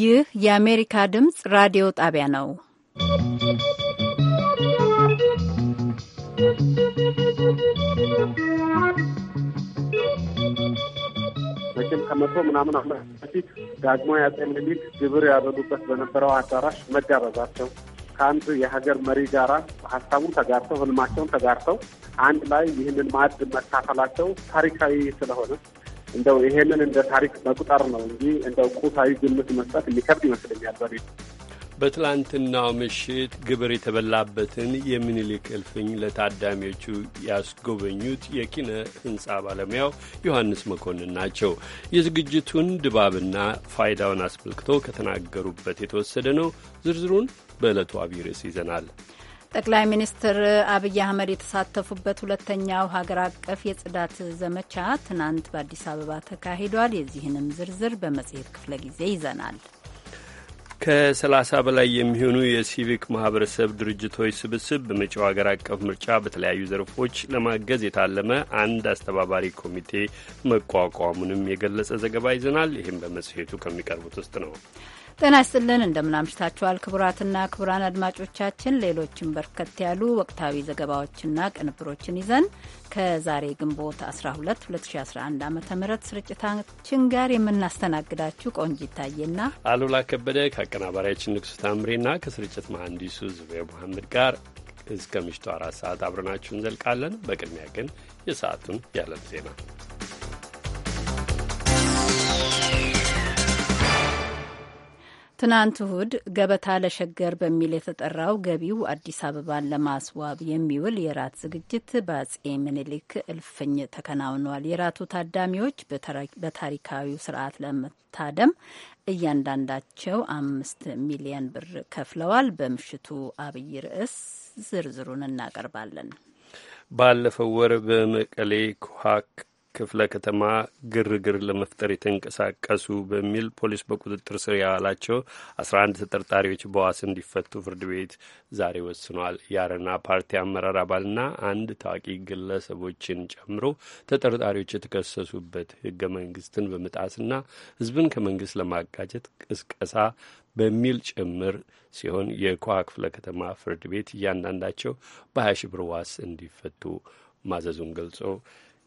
ይህ የአሜሪካ ድምፅ ራዲዮ ጣቢያ ነው። መቼም ከመቶ ምናምን ዓመት በፊት ዳግሞ የአጼ ምኒልክ ግብር ያበሉበት በነበረው አዳራሽ መጋበዛቸው ከአንድ የሀገር መሪ ጋራ ሀሳቡን ተጋርተው ህልማቸውን ተጋርተው አንድ ላይ ይህንን ማዕድ መካፈላቸው ታሪካዊ ስለሆነ እንደው ይሄንን እንደ ታሪክ መቁጠር ነው እንጂ እንደው ቁሳዊ ግምት መስጠት ሊከብድ ይመስለኛል። በሬ በትላንትናው ምሽት ግብር የተበላበትን የምኒልክ እልፍኝ ለታዳሚዎቹ ያስጎበኙት የኪነ ህንፃ ባለሙያው ዮሐንስ መኮንን ናቸው። የዝግጅቱን ድባብና ፋይዳውን አስመልክቶ ከተናገሩበት የተወሰደ ነው። ዝርዝሩን በዕለቱ አብይ ርዕስ ይዘናል። ጠቅላይ ሚኒስትር አብይ አህመድ የተሳተፉበት ሁለተኛው ሀገር አቀፍ የጽዳት ዘመቻ ትናንት በአዲስ አበባ ተካሂዷል። የዚህንም ዝርዝር በመጽሔት ክፍለ ጊዜ ይዘናል። ከሰላሳ በላይ የሚሆኑ የሲቪክ ማህበረሰብ ድርጅቶች ስብስብ በመጪው ሀገር አቀፍ ምርጫ በተለያዩ ዘርፎች ለማገዝ የታለመ አንድ አስተባባሪ ኮሚቴ መቋቋሙንም የገለጸ ዘገባ ይዘናል። ይህም በመጽሔቱ ከሚቀርቡት ውስጥ ነው። ጤና ይስጥልን እንደምናምሽታችኋል ክቡራትና ክቡራን አድማጮቻችን ሌሎችን በርከት ያሉ ወቅታዊ ዘገባዎችና ቅንብሮችን ይዘን ከዛሬ ግንቦት 12 2011 ዓ ም ስርጭታችን ጋር የምናስተናግዳችሁ ቆንጅ ይታየና አሉላ ከበደ ከአቀናባሪያችን ንጉሱ ታምሬና ከስርጭት መሐንዲሱ ዙቤር መሐመድ ጋር እስከ ምሽቱ አራት ሰዓት አብረናችሁ እንዘልቃለን። በቅድሚያ ግን የሰዓቱን ያለም ዜና ትናንት እሁድ ገበታ ለሸገር በሚል የተጠራው ገቢው አዲስ አበባን ለማስዋብ የሚውል የራት ዝግጅት በአጼ ምኒልክ እልፍኝ ተከናውኗል። የራቱ ታዳሚዎች በታሪካዊው ስርዓት ለመታደም እያንዳንዳቸው አምስት ሚሊየን ብር ከፍለዋል። በምሽቱ አብይ ርዕስ ዝርዝሩን እናቀርባለን። ባለፈው ወር በመቀሌ ኩሃክ ክፍለ ከተማ ግርግር ለመፍጠር የተንቀሳቀሱ በሚል ፖሊስ በቁጥጥር ስር ያዋላቸው አስራ አንድ ተጠርጣሪዎች በዋስ እንዲፈቱ ፍርድ ቤት ዛሬ ወስኗል። የአረና ፓርቲ አመራር አባልና አንድ ታዋቂ ግለሰቦችን ጨምሮ ተጠርጣሪዎች የተከሰሱበት ህገ መንግስትን በመጣስና ህዝብን ከመንግስት ለማጋጨት ቅስቀሳ በሚል ጭምር ሲሆን የኳ ክፍለ ከተማ ፍርድ ቤት እያንዳንዳቸው በሀያ ሺ ብር ዋስ እንዲፈቱ ማዘዙን ገልጾ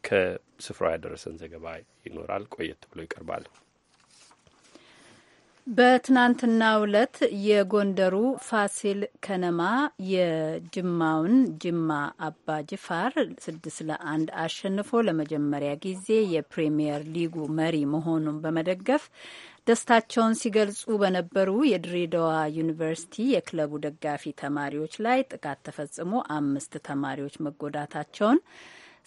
ከስፍራው ያደረሰን ዘገባ ይኖራል። ቆየት ብሎ ይቀርባል። በትናንትና ዕለት የጎንደሩ ፋሲል ከነማ የጅማውን ጅማ አባ ጅፋር ስድስት ለአንድ አሸንፎ ለመጀመሪያ ጊዜ የፕሪሚየር ሊጉ መሪ መሆኑን በመደገፍ ደስታቸውን ሲገልጹ በነበሩ የድሬዳዋ ዩኒቨርሲቲ የክለቡ ደጋፊ ተማሪዎች ላይ ጥቃት ተፈጽሞ አምስት ተማሪዎች መጎዳታቸውን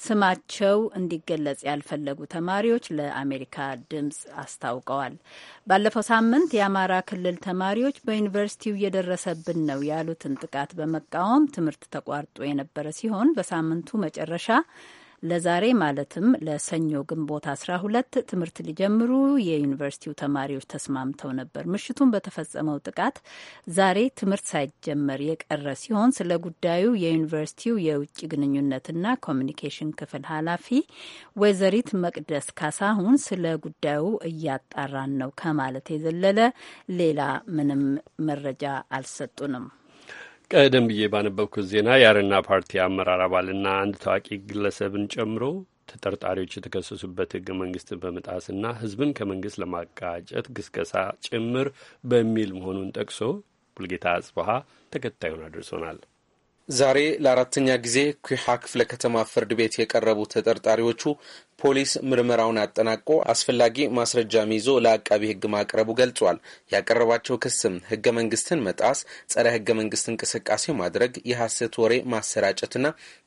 ስማቸው እንዲገለጽ ያልፈለጉ ተማሪዎች ለአሜሪካ ድምፅ አስታውቀዋል። ባለፈው ሳምንት የአማራ ክልል ተማሪዎች በዩኒቨርሲቲው እየደረሰብን ነው ያሉትን ጥቃት በመቃወም ትምህርት ተቋርጦ የነበረ ሲሆን በሳምንቱ መጨረሻ ለዛሬ ማለትም ለሰኞ ግንቦት 12 ትምህርት ሊጀምሩ የዩኒቨርሲቲው ተማሪዎች ተስማምተው ነበር። ምሽቱን በተፈጸመው ጥቃት ዛሬ ትምህርት ሳይጀመር የቀረ ሲሆን ስለ ጉዳዩ የዩኒቨርሲቲው የውጭ ግንኙነትና ኮሚኒኬሽን ክፍል ኃላፊ ወይዘሪት መቅደስ ካሳሁን ስለ ጉዳዩ እያጣራን ነው ከማለት የዘለለ ሌላ ምንም መረጃ አልሰጡንም። ቀደም ብዬ ባነበብኩት ዜና የአረና ፓርቲ አመራር አባልና አንድ ታዋቂ ግለሰብን ጨምሮ ተጠርጣሪዎች የተከሰሱበት ህገ መንግስት በመጣስና ህዝብን ከመንግስት ለማጋጨት ግስገሳ ጭምር በሚል መሆኑን ጠቅሶ ሙልጌታ አጽበሀ ተከታዩን አድርሶናል። ዛሬ ለአራተኛ ጊዜ ኩሓ ክፍለ ከተማ ፍርድ ቤት የቀረቡ ተጠርጣሪዎቹ ፖሊስ ምርመራውን አጠናቆ አስፈላጊ ማስረጃም ይዞ ለአቃቢ ሕግ ማቅረቡ ገልጿል። ያቀረባቸው ክስም ሕገ መንግስትን መጣስ፣ ጸረ ሕገ መንግስት እንቅስቃሴ ማድረግ፣ የሐሰት ወሬ ማሰራጨትና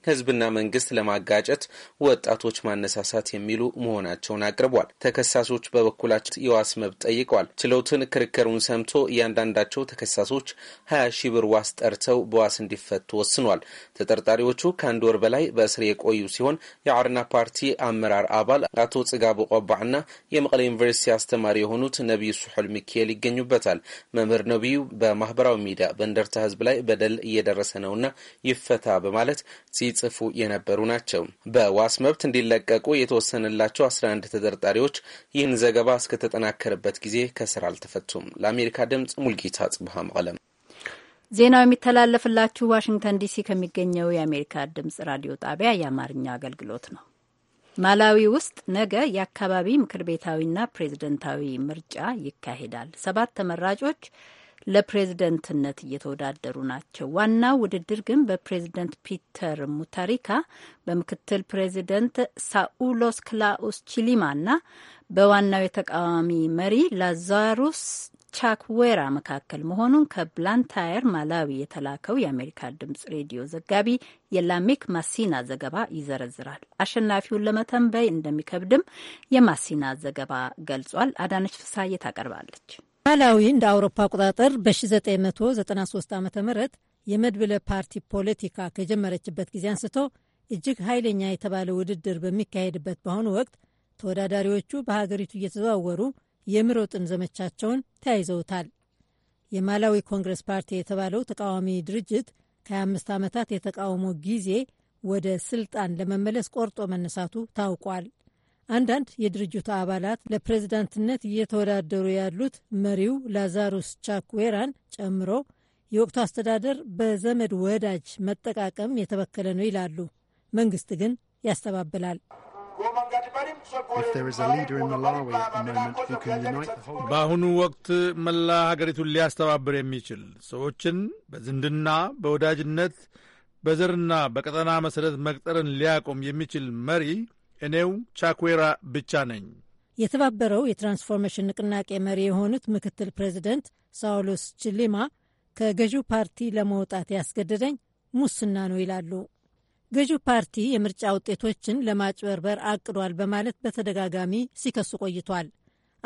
ሕዝብና መንግስት ለማጋጨት ወጣቶች ማነሳሳት የሚሉ መሆናቸውን አቅርቧል። ተከሳሾች በበኩላቸው የዋስ መብት ጠይቀዋል። ችሎትን ክርክሩን ሰምቶ እያንዳንዳቸው ተከሳሾች ሀያ ሺህ ብር ዋስ ጠርተው በዋስ እንዲፈቱ ወስኗል። ተጠርጣሪዎቹ ከአንድ ወር በላይ በእስር የቆዩ ሲሆን የአርና ፓርቲ አመራር አመራር አባል አቶ ጽጋቡ ቆባዕና የመቀለ ዩኒቨርሲቲ አስተማሪ የሆኑት ነቢዩ ስሑል ሚካኤል ይገኙበታል። መምህር ነቢዩ በማህበራዊ ሚዲያ በእንደርታ ህዝብ ላይ በደል እየደረሰ ነውና ይፈታ በማለት ሲጽፉ የነበሩ ናቸው። በዋስ መብት እንዲለቀቁ የተወሰነላቸው 11 ተጠርጣሪዎች ይህን ዘገባ እስከተጠናከረበት ጊዜ ከስራ አልተፈቱም። ለአሜሪካ ድምጽ ሙልጌታ ጽቡሃ መቀለም። ዜናው የሚተላለፍላችሁ ዋሽንግተን ዲሲ ከሚገኘው የአሜሪካ ድምጽ ራዲዮ ጣቢያ የአማርኛ አገልግሎት ነው። ማላዊ ውስጥ ነገ የአካባቢ ምክር ቤታዊና ፕሬዝደንታዊ ምርጫ ይካሄዳል። ሰባት ተመራጮች ለፕሬዝደንትነት እየተወዳደሩ ናቸው። ዋናው ውድድር ግን በፕሬዝደንት ፒተር ሙታሪካ፣ በምክትል ፕሬዝደንት ሳኡሎስ ክላኡስ ቺሊማና በዋናው የተቃዋሚ መሪ ላዛሩስ ቻክዌራ መካከል መሆኑን ከብላንታየር ማላዊ የተላከው የአሜሪካ ድምጽ ሬዲዮ ዘጋቢ የላሜክ ማሲና ዘገባ ይዘረዝራል። አሸናፊውን ለመተንበይ እንደሚከብድም የማሲና ዘገባ ገልጿል። አዳነች ፍሳዬ ታቀርባለች። ማላዊ እንደ አውሮፓ አቆጣጠር በ1993 ዓ ም የመድብለ ፓርቲ ፖለቲካ ከጀመረችበት ጊዜ አንስቶ እጅግ ኃይለኛ የተባለ ውድድር በሚካሄድበት በአሁኑ ወቅት ተወዳዳሪዎቹ በሀገሪቱ እየተዘዋወሩ የምሮጥን ዘመቻቸውን ተያይዘውታል። የማላዊ ኮንግረስ ፓርቲ የተባለው ተቃዋሚ ድርጅት ከ25 ዓመታት የተቃውሞ ጊዜ ወደ ስልጣን ለመመለስ ቆርጦ መነሳቱ ታውቋል። አንዳንድ የድርጅቱ አባላት ለፕሬዝዳንትነት እየተወዳደሩ ያሉት መሪው ላዛሩስ ቻኩዌራን ጨምሮ የወቅቱ አስተዳደር በዘመድ ወዳጅ መጠቃቀም የተበከለ ነው ይላሉ። መንግስት ግን ያስተባብላል። በአሁኑ ወቅት መላ ሀገሪቱን ሊያስተባብር የሚችል ሰዎችን በዝንድና በወዳጅነት፣ በዘርና በቀጠና መሠረት መቅጠርን ሊያቆም የሚችል መሪ እኔው ቻኩዌራ ብቻ ነኝ። የተባበረው የትራንስፎርሜሽን ንቅናቄ መሪ የሆኑት ምክትል ፕሬዚደንት ሳውሎስ ችሊማ ከገዢው ፓርቲ ለመውጣት ያስገደደኝ ሙስና ነው ይላሉ። ገዢው ፓርቲ የምርጫ ውጤቶችን ለማጭበርበር አቅዷል በማለት በተደጋጋሚ ሲከሱ ቆይቷል።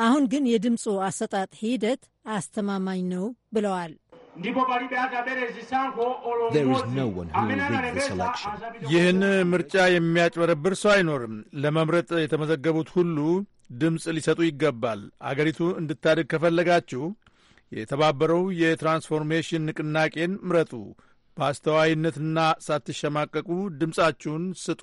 አሁን ግን የድምፁ አሰጣጥ ሂደት አስተማማኝ ነው ብለዋል። ይህን ምርጫ የሚያጭበረብር ሰው አይኖርም። ለመምረጥ የተመዘገቡት ሁሉ ድምፅ ሊሰጡ ይገባል። አገሪቱ እንድታድግ ከፈለጋችሁ የተባበረው የትራንስፎርሜሽን ንቅናቄን ምረጡ። በአስተዋይነትና ሳትሸማቀቁ ድምፃችሁን ስጡ።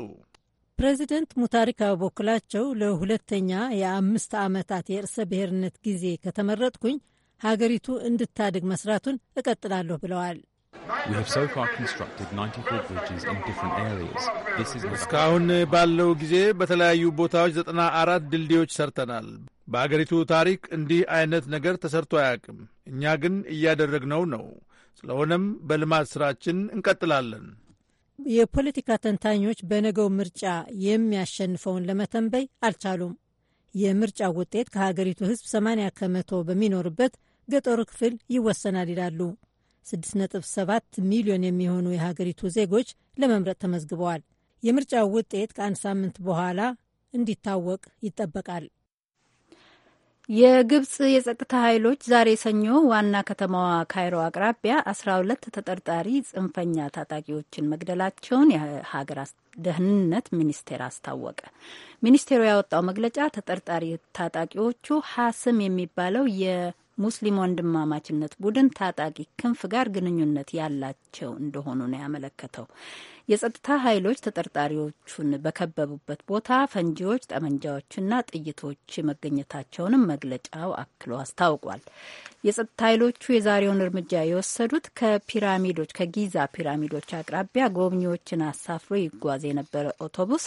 ፕሬዚደንት ሙታሪክ በበኩላቸው ለሁለተኛ የአምስት ዓመታት የእርሰ ብሔርነት ጊዜ ከተመረጥኩኝ ሀገሪቱ እንድታድግ መስራቱን እቀጥላለሁ ብለዋል። እስካሁን ባለው ጊዜ በተለያዩ ቦታዎች ዘጠና አራት ድልድዮች ሰርተናል። በአገሪቱ ታሪክ እንዲህ አይነት ነገር ተሰርቶ አያውቅም። እኛ ግን እያደረግነው ነው። ስለሆነም በልማት ስራችን እንቀጥላለን። የፖለቲካ ተንታኞች በነገው ምርጫ የሚያሸንፈውን ለመተንበይ አልቻሉም። የምርጫው ውጤት ከሀገሪቱ ሕዝብ 80 ከመቶ በሚኖርበት ገጠሩ ክፍል ይወሰናል ይላሉ። 6.7 ሚሊዮን የሚሆኑ የሀገሪቱ ዜጎች ለመምረጥ ተመዝግበዋል። የምርጫው ውጤት ከአንድ ሳምንት በኋላ እንዲታወቅ ይጠበቃል። የግብጽ የጸጥታ ኃይሎች ዛሬ ሰኞ ዋና ከተማዋ ካይሮ አቅራቢያ አስራ ሁለት ተጠርጣሪ ጽንፈኛ ታጣቂዎችን መግደላቸውን የሀገር ደህንነት ሚኒስቴር አስታወቀ። ሚኒስቴሩ ያወጣው መግለጫ ተጠርጣሪ ታጣቂዎቹ ሀስም የሚባለው ሙስሊም ወንድማማችነት ቡድን ታጣቂ ክንፍ ጋር ግንኙነት ያላቸው እንደሆኑ ነው ያመለከተው። የጸጥታ ኃይሎች ተጠርጣሪዎቹን በከበቡበት ቦታ ፈንጂዎች፣ ጠመንጃዎችና ጥይቶች መገኘታቸውንም መግለጫው አክሎ አስታውቋል። የጸጥታ ኃይሎቹ የዛሬውን እርምጃ የወሰዱት ከፒራሚዶች ከጊዛ ፒራሚዶች አቅራቢያ ጎብኚዎችን አሳፍሮ ይጓዝ የነበረ አውቶቡስ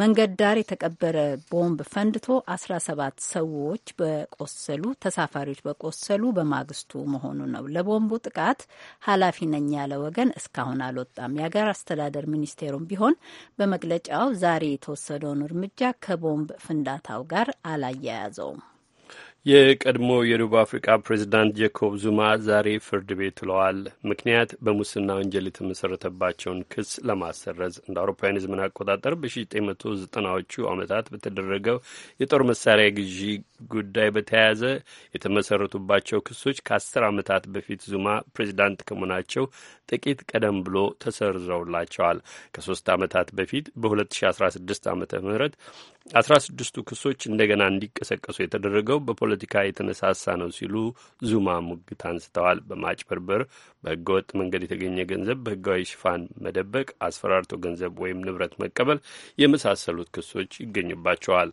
መንገድ ዳር የተቀበረ ቦምብ ፈንድቶ 17 ሰዎች በቆሰሉ ተሳፋሪዎች በቆሰሉ በማግስቱ መሆኑ ነው። ለቦምቡ ጥቃት ኃላፊ ነኝ ያለ ወገን እስካሁን አልወጣም። የሀገር አስተዳደር ሚኒስቴሩም ቢሆን በመግለጫው ዛሬ የተወሰደውን እርምጃ ከቦምብ ፍንዳታው ጋር አላያያዘውም። የቀድሞ የደቡብ አፍሪካ ፕሬዚዳንት ጄኮብ ዙማ ዛሬ ፍርድ ቤት ውለዋል። ምክንያት በሙስና ወንጀል የተመሰረተባቸውን ክስ ለማሰረዝ እንደ አውሮፓውያን የዘመን አቆጣጠር በ1990ዎቹ ዓመታት በተደረገው የጦር መሳሪያ ግዢ ጉዳይ በተያያዘ የተመሰረቱባቸው ክሶች ከአስር ዓመታት በፊት ዙማ ፕሬዚዳንት ከመሆናቸው ጥቂት ቀደም ብሎ ተሰርዘውላቸዋል። ከሶስት ዓመታት በፊት በ2016 ዓ ም አስራ ስድስቱ ክሶች እንደገና እንዲቀሰቀሱ የተደረገው በፖለቲካ የተነሳሳ ነው ሲሉ ዙማ ሙግት አንስተዋል። በማጭበርበር፣ ወጥ መንገድ የተገኘ ገንዘብ በህጋዊ ሽፋን መደበቅ፣ አስፈራርቶ ገንዘብ ወይም ንብረት መቀበል የመሳሰሉት ክሶች ይገኙባቸዋል።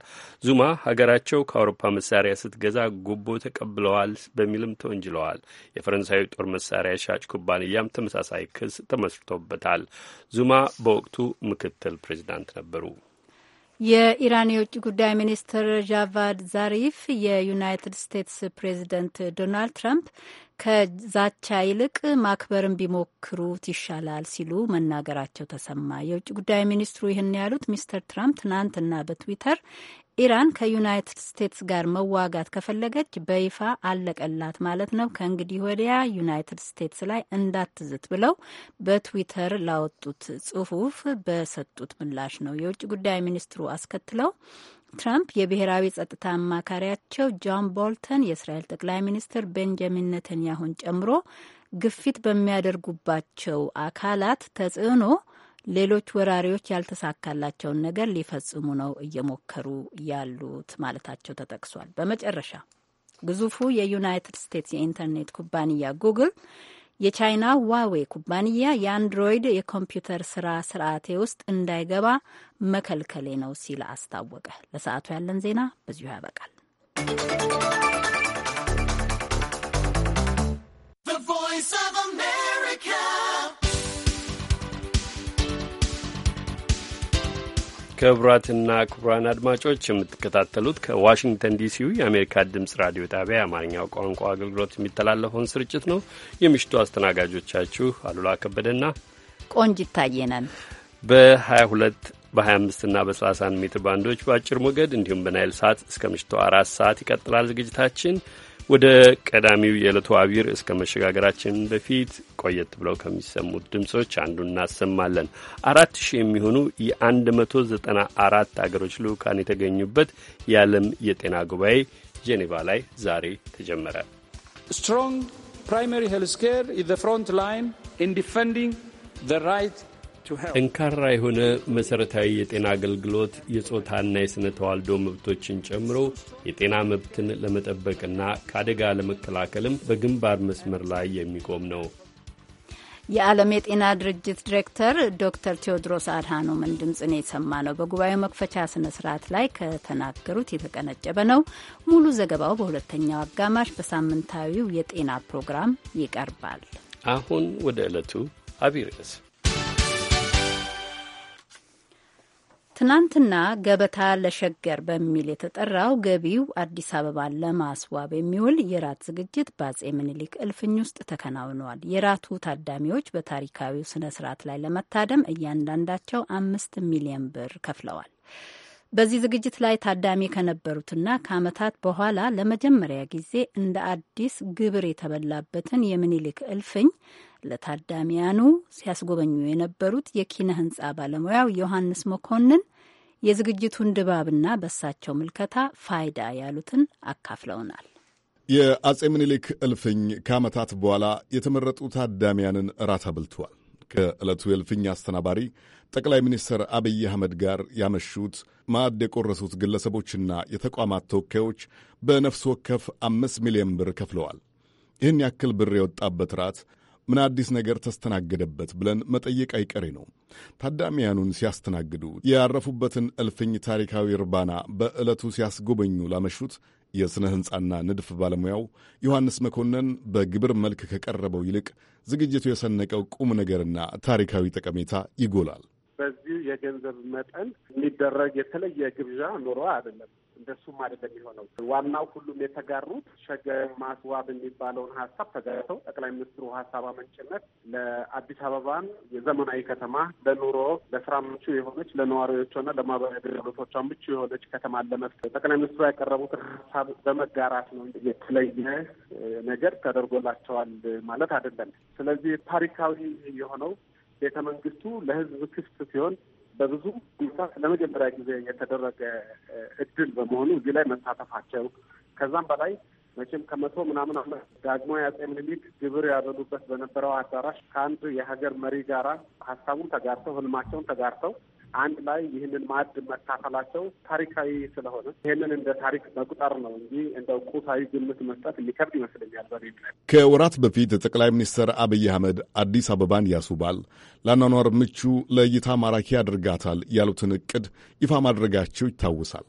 ዙማ ሀገራቸው ከአውሮፓ መሳሪያ ስትገዛ ጉቦ ተቀብለዋል በሚልም ተወንጅለዋል። የፈረንሳዊ ጦር መሳሪያ ሻጭ ኩባንያም ተመሳሳይ ክስ ተመስርቶበታል። ዙማ በወቅቱ ምክትል ፕሬዚዳንት ነበሩ። የኢራን የውጭ ጉዳይ ሚኒስትር ጃቫድ ዛሪፍ የዩናይትድ ስቴትስ ፕሬዚደንት ዶናልድ ትራምፕ ከዛቻ ይልቅ ማክበርን ቢሞክሩት ይሻላል ሲሉ መናገራቸው ተሰማ። የውጭ ጉዳይ ሚኒስትሩ ይህን ያሉት ሚስተር ትራምፕ ትናንትና በትዊተር ኢራን ከዩናይትድ ስቴትስ ጋር መዋጋት ከፈለገች በይፋ አለቀላት ማለት ነው። ከእንግዲህ ወዲያ ዩናይትድ ስቴትስ ላይ እንዳትዝት ብለው በትዊተር ላወጡት ጽሁፍ በሰጡት ምላሽ ነው የውጭ ጉዳይ ሚኒስትሩ አስከትለው ትራምፕ የብሔራዊ ጸጥታ አማካሪያቸው ጆን ቦልተን፣ የእስራኤል ጠቅላይ ሚኒስትር ቤንጃሚን ነተንያሁን ጨምሮ ግፊት በሚያደርጉባቸው አካላት ተጽዕኖ ሌሎች ወራሪዎች ያልተሳካላቸውን ነገር ሊፈጽሙ ነው እየሞከሩ ያሉት ማለታቸው ተጠቅሷል። በመጨረሻ ግዙፉ የዩናይትድ ስቴትስ የኢንተርኔት ኩባንያ ጉግል የቻይና ዋዌ ኩባንያ የአንድሮይድ የኮምፒውተር ስራ ስርዓቴ ውስጥ እንዳይገባ መከልከሌ ነው ሲል አስታወቀ። ለሰዓቱ ያለን ዜና በዚሁ ያበቃል። ክቡራትና ክቡራን አድማጮች የምትከታተሉት ከዋሽንግተን ዲሲው የአሜሪካ ድምጽ ራዲዮ ጣቢያ የአማርኛው ቋንቋ አገልግሎት የሚተላለፈውን ስርጭት ነው። የምሽቱ አስተናጋጆቻችሁ አሉላ ከበደና ቆንጂት ታየ በ በ22 በ25ና በ31 ሜትር ባንዶች በአጭር ሞገድ እንዲሁም በናይል ሰዓት እስከ ምሽቱ አራት ሰዓት ይቀጥላል ዝግጅታችን። ወደ ቀዳሚው የዕለቱ አቢር እስከ መሸጋገራችን በፊት ቆየት ብለው ከሚሰሙት ድምፆች አንዱ እናሰማለን። አራት ሺህ የሚሆኑ የአንድ መቶ ዘጠና አራት አገሮች ልዑካን የተገኙበት የዓለም የጤና ጉባኤ ጄኔቫ ላይ ዛሬ ተጀመረ። ስትሮንግ ፕራይማሪ ሄልስ ኬር ኢዝ ፍሮንት ላይን ኢን ዲፌንዲንግ ዘ ራይት ጠንካራ የሆነ መሠረታዊ የጤና አገልግሎት የጾታና የሥነ ተዋልዶ መብቶችን ጨምሮ የጤና መብትን ለመጠበቅና ከአደጋ ለመከላከልም በግንባር መስመር ላይ የሚቆም ነው። የዓለም የጤና ድርጅት ዲሬክተር ዶክተር ቴዎድሮስ አድሃኖምን ድምፅን የሰማ ነው። በጉባኤው መክፈቻ ስነ ስርዓት ላይ ከተናገሩት የተቀነጨበ ነው። ሙሉ ዘገባው በሁለተኛው አጋማሽ በሳምንታዊው የጤና ፕሮግራም ይቀርባል። አሁን ወደ ዕለቱ አቢይ ርዕስ ትናንትና ገበታ ለሸገር በሚል የተጠራው ገቢው አዲስ አበባን ለማስዋብ የሚውል የራት ዝግጅት በአጼ ምኒልክ እልፍኝ ውስጥ ተከናውኗል። የራቱ ታዳሚዎች በታሪካዊው ስነ ስርዓት ላይ ለመታደም እያንዳንዳቸው አምስት ሚሊዮን ብር ከፍለዋል። በዚህ ዝግጅት ላይ ታዳሚ ከነበሩትና ከዓመታት በኋላ ለመጀመሪያ ጊዜ እንደ አዲስ ግብር የተበላበትን የምኒልክ እልፍኝ ለታዳሚያኑ ሲያስጎበኙ የነበሩት የኪነ ህንፃ ባለሙያው ዮሐንስ መኮንን የዝግጅቱን ድባብና በሳቸው ምልከታ ፋይዳ ያሉትን አካፍለውናል። የአጼ ምኒልክ እልፍኝ ከዓመታት በኋላ የተመረጡ ታዳሚያንን እራት አብልተዋል። ከዕለቱ የእልፍኝ አስተናባሪ ጠቅላይ ሚኒስትር አብይ አህመድ ጋር ያመሹት ማዕድ የቆረሱት ግለሰቦችና የተቋማት ተወካዮች በነፍስ ወከፍ አምስት ሚሊዮን ብር ከፍለዋል። ይህን ያክል ብር የወጣበት ራት ምን አዲስ ነገር ተስተናገደበት ብለን መጠየቅ አይቀሬ ነው። ታዳሚያኑን ሲያስተናግዱ ያረፉበትን እልፍኝ ታሪካዊ እርባና በዕለቱ ሲያስጎበኙ ላመሹት የሥነ ሕንፃና ንድፍ ባለሙያው ዮሐንስ መኮንን በግብር መልክ ከቀረበው ይልቅ ዝግጅቱ የሰነቀው ቁም ነገርና ታሪካዊ ጠቀሜታ ይጎላል። በዚህ የገንዘብ መጠን የሚደረግ የተለየ ግብዣ ኑሮ አይደለም። እንደሱም አይደለም የሚሆነው። ዋናው ሁሉም የተጋሩት ሸገ ማስዋብ የሚባለውን ሀሳብ ተጋርተው ጠቅላይ ሚኒስትሩ ሀሳብ አመንጭነት ለአዲስ አበባን የዘመናዊ ከተማ ለኑሮ ለስራ ምቹ የሆነች ለነዋሪዎቿና ለማህበራዊ አገልግሎቶቿ ምቹ የሆነች ከተማ ለመፍጠር ጠቅላይ ሚኒስትሩ ያቀረቡትን ሀሳብ በመጋራት ነው። የተለየ ነገር ተደርጎላቸዋል ማለት አይደለም። ስለዚህ ታሪካዊ የሆነው ቤተ መንግስቱ ለህዝብ ክፍት ሲሆን በብዙ ሁኔታ ለመጀመሪያ ጊዜ የተደረገ እድል በመሆኑ እዚህ ላይ መሳተፋቸው ከዛም በላይ መቼም ከመቶ ምናምን አመት ዳግሞ አጼ ምኒልክ ግብር ያበሉበት በነበረው አዳራሽ ከአንድ የሀገር መሪ ጋራ ሀሳቡን ተጋርተው ህልማቸውን ተጋርተው አንድ ላይ ይህንን ማዕድ መካፈላቸው ታሪካዊ ስለሆነ ይህንን እንደ ታሪክ መቁጠር ነው እንጂ እንደ ቁሳዊ ግምት መስጠት የሚከብድ ይመስለኛል። በ ከወራት በፊት ጠቅላይ ሚኒስትር አብይ አህመድ አዲስ አበባን ያስውባል፣ ለአኗኗር ምቹ፣ ለእይታ ማራኪ ያደርጋታል ያሉትን እቅድ ይፋ ማድረጋቸው ይታወሳል።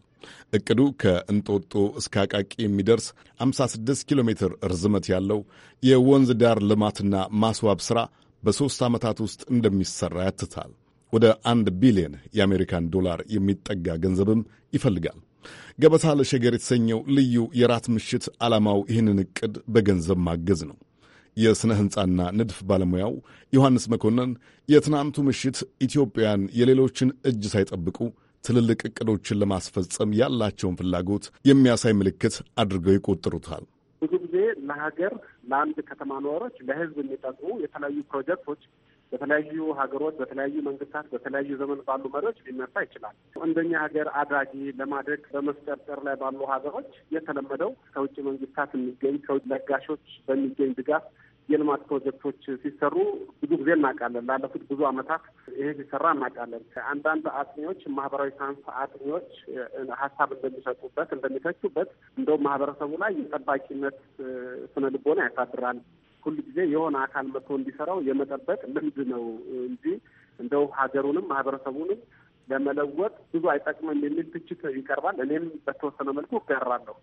እቅዱ ከእንጦጦ እስከ አቃቂ የሚደርስ 56 ኪሎ ሜትር ርዝመት ያለው የወንዝ ዳር ልማትና ማስዋብ ሥራ በሦስት ዓመታት ውስጥ እንደሚሠራ ያትታል። ወደ አንድ ቢሊዮን የአሜሪካን ዶላር የሚጠጋ ገንዘብም ይፈልጋል። ገበታ ለሸገር የተሰኘው ልዩ የራት ምሽት ዓላማው ይህንን ዕቅድ በገንዘብ ማገዝ ነው። የሥነ ሕንፃና ንድፍ ባለሙያው ዮሐንስ መኮንን የትናንቱ ምሽት ኢትዮጵያን የሌሎችን እጅ ሳይጠብቁ ትልልቅ እቅዶችን ለማስፈጸም ያላቸውን ፍላጎት የሚያሳይ ምልክት አድርገው ይቆጥሩታል። ብዙ ጊዜ ለሀገር፣ ለአንድ ከተማ ነዋሪዎች፣ ለህዝብ የሚጠቅሙ የተለያዩ ፕሮጀክቶች በተለያዩ ሀገሮች በተለያዩ መንግስታት በተለያዩ ዘመን ባሉ መሪዎች ሊነሳ ይችላል። እንደኛ ሀገር አድራጊ ለማድረግ በመስጠርጠር ላይ ባሉ ሀገሮች የተለመደው ከውጭ መንግስታት የሚገኝ ከውጭ ለጋሾች በሚገኝ ድጋፍ የልማት ፕሮጀክቶች ሲሰሩ ብዙ ጊዜ እናውቃለን። ላለፉት ብዙ ዓመታት ይሄ ሲሰራ እናውቃለን። አንዳንድ አጥኚዎች፣ ማህበራዊ ሳይንስ አጥኚዎች ሀሳብ እንደሚሰጡበት እንደሚተቹበት እንደውም ማህበረሰቡ ላይ የጠባቂነት ስነ ልቦና ያሳድራል ሁሉ ጊዜ የሆነ አካል መጥቶ እንዲሰራው የመጠበቅ ልምድ ነው እንጂ እንደው ሀገሩንም ማህበረሰቡንም ለመለወጥ ብዙ አይጠቅምም የሚል ትችት ይቀርባል። እኔም በተወሰነ መልኩ እጋራለሁ።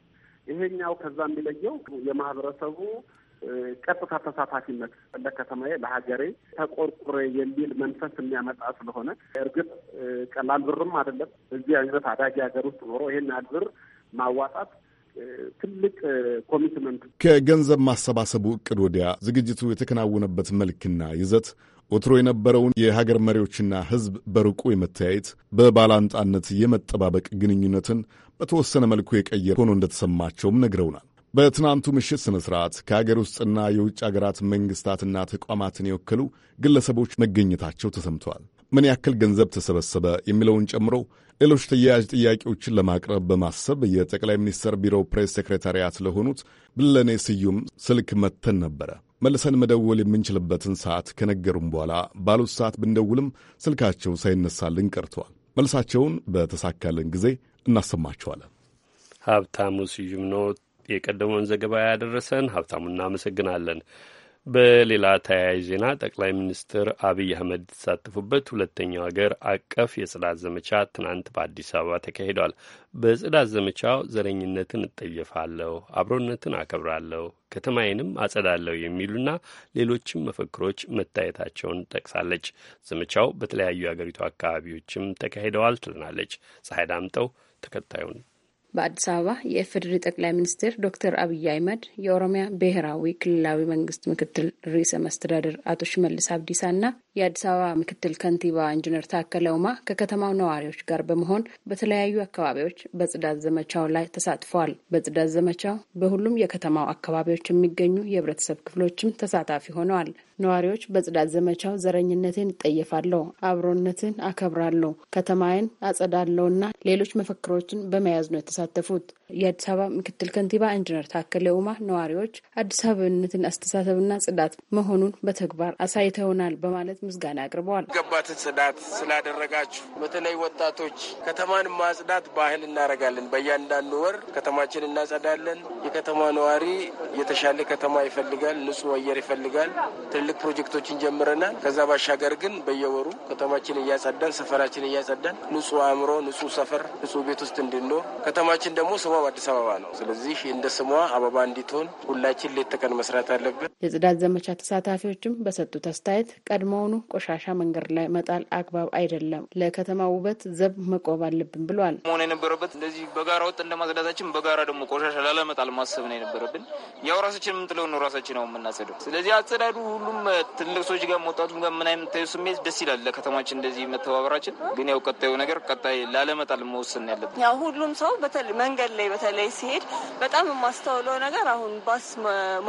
ይሄኛው ከዛ የሚለየው የማህበረሰቡ ቀጥታ ተሳታፊነት ለከተማዬ፣ ለሀገሬ ተቆርቁሬ የሚል መንፈስ የሚያመጣ ስለሆነ እርግጥ ቀላል ብርም አይደለም። እዚህ አይነት አዳጊ ሀገር ውስጥ ኖሮ ይሄን ያህል ብር ማዋጣት ትልቅ ኮሚትመንት። ከገንዘብ ማሰባሰቡ እቅድ ወዲያ ዝግጅቱ የተከናወነበት መልክና ይዘት ወትሮ የነበረውን የሀገር መሪዎችና ሕዝብ በርቁ የመተያየት በባላንጣነት የመጠባበቅ ግንኙነትን በተወሰነ መልኩ የቀየር ሆኖ እንደተሰማቸውም ነግረውናል። በትናንቱ ምሽት ስነ ስርዓት ከሀገር ውስጥና የውጭ ሀገራት መንግስታትና ተቋማትን የወከሉ ግለሰቦች መገኘታቸው ተሰምተዋል። ምን ያክል ገንዘብ ተሰበሰበ የሚለውን ጨምሮ ሌሎች ተያያዥ ጥያቄዎችን ለማቅረብ በማሰብ የጠቅላይ ሚኒስትር ቢሮ ፕሬስ ሴክሬታሪያት ለሆኑት ብለኔ ስዩም ስልክ መተን ነበረ። መልሰን መደወል የምንችልበትን ሰዓት ከነገሩም በኋላ ባሉት ሰዓት ብንደውልም ስልካቸው ሳይነሳልን ቀርተዋል። መልሳቸውን በተሳካልን ጊዜ እናሰማቸዋለን። ሀብታሙ ስዩም ነው የቀደመውን ዘገባ ያደረሰን። ሀብታሙ እናመሰግናለን። በሌላ ተያያዥ ዜና ጠቅላይ ሚኒስትር አብይ አህመድ የተሳተፉበት ሁለተኛው ሀገር አቀፍ የጽዳት ዘመቻ ትናንት በአዲስ አበባ ተካሂዷል። በጽዳት ዘመቻው ዘረኝነትን እጠየፋለሁ፣ አብሮነትን አከብራለሁ፣ ከተማዬንም አጸዳለሁ የሚሉና ሌሎችም መፈክሮች መታየታቸውን ጠቅሳለች። ዘመቻው በተለያዩ የአገሪቱ አካባቢዎችም ተካሂደዋል ትልናለች። ፀሐይ ዳምጠው ተከታዩን በአዲስ አበባ የኢፌዴሪ ጠቅላይ ሚኒስትር ዶክተር አብይ አህመድ፣ የኦሮሚያ ብሔራዊ ክልላዊ መንግስት ምክትል ርዕሰ መስተዳደር አቶ ሽመልስ እና የአዲስ አበባ ምክትል ከንቲባ ኢንጂነር ታከለ ኡማ ከከተማው ነዋሪዎች ጋር በመሆን በተለያዩ አካባቢዎች በጽዳት ዘመቻው ላይ ተሳትፈዋል። በጽዳት ዘመቻው በሁሉም የከተማው አካባቢዎች የሚገኙ የህብረተሰብ ክፍሎችም ተሳታፊ ሆነዋል። ነዋሪዎች በጽዳት ዘመቻው ዘረኝነትን ይጠየፋለሁ፣ አብሮነትን አከብራለሁ፣ ከተማዬን አጸዳለውና ሌሎች መፈክሮችን በመያዝ ነው የተሳተፉት። የአዲስ አበባ ምክትል ከንቲባ ኢንጂነር ታከለ ኡማ ነዋሪዎች አዲስ አበባነትን አስተሳሰብና ጽዳት መሆኑን በተግባር አሳይተውናል በማለት ምስጋና አቅርበዋል። ገባትን ጽዳት ስላደረጋችሁ በተለይ ወጣቶች ከተማን ማጽዳት ባህል እናደርጋለን። በእያንዳንዱ ወር ከተማችን እናጸዳለን። የከተማ ነዋሪ የተሻለ ከተማ ይፈልጋል፣ ንጹህ አየር ይፈልጋል። ትልልቅ ፕሮጀክቶችን ጀምረናል። ከዛ ባሻገር ግን በየወሩ ከተማችን እያጸዳን፣ ሰፈራችን እያጸዳን ንጹህ አእምሮ፣ ንጹህ ሰፈር፣ ንጹህ ቤት ውስጥ እንድንኖር ከተማችን ደግሞ ስሟ አዲስ አበባ ነው። ስለዚህ እንደ ስሟ አበባ እንዲትሆን ሁላችን ሌት ተቀን መስራት አለብን። የጽዳት ዘመቻ ተሳታፊዎችም በሰጡት አስተያየት ቀድሞውኑ ቆሻሻ መንገድ ላይ መጣል አግባብ አይደለም፣ ለከተማ ውበት ዘብ መቆብ አለብን ብሏል። መሆን የነበረበት እንደዚህ በጋራ ወጥ እንደማጽዳታችን በጋራ ደግሞ ቆሻሻ ላለመጣል ማሰብ ነው የነበረብን። ያው ራሳችን የምንጥለው ነው ራሳችን ነው የምናጸደው። ስለዚህ አጸዳዱ ሁሉ ሁሉም ትልቅ ሰዎች ጋር መውጣቱ ጋር ምን የምታዩ ስሜት ደስ ይላል። ለከተማችን እንደዚህ መተባበራችን ግን ያው ቀጣዩ ነገር ቀጣይ ላለመጣል መወሰን ያለብን ያው ሁሉም ሰው መንገድ ላይ በተለይ ሲሄድ በጣም የማስተውለው ነገር አሁን ባስ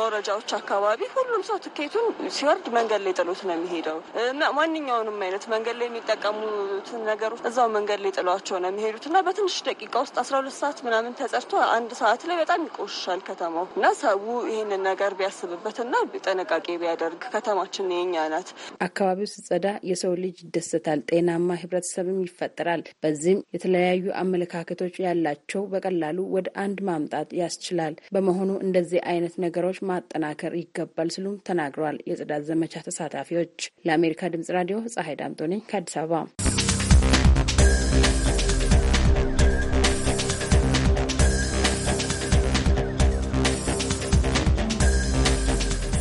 መውረጃዎች አካባቢ ሁሉም ሰው ትኬቱን ሲወርድ መንገድ ላይ ጥሎት ነው የሚሄደው ማንኛውንም አይነት መንገድ ላይ የሚጠቀሙትን ነገሮች እዛው መንገድ ላይ ጥሏቸው ነው የሚሄዱት እና በትንሽ ደቂቃ ውስጥ አስራ ሁለት ሰዓት ምናምን ተጸድቶ አንድ ሰዓት ላይ በጣም ይቆሻል ከተማው እና ሰው ይህንን ነገር ቢያስብበትና ጥንቃቄ ቢያደርግ ከተማችን የኛ ናት። አካባቢው ስጸዳ የሰው ልጅ ይደሰታል፣ ጤናማ ህብረተሰብም ይፈጠራል። በዚህም የተለያዩ አመለካከቶች ያላቸው በቀላሉ ወደ አንድ ማምጣት ያስችላል። በመሆኑ እንደዚህ አይነት ነገሮች ማጠናከር ይገባል ሲሉም ተናግረዋል። የጽዳት ዘመቻ ተሳታፊዎች። ለአሜሪካ ድምጽ ራዲዮ ፀሐይ ዳምጦ ነኝ ከአዲስ አበባ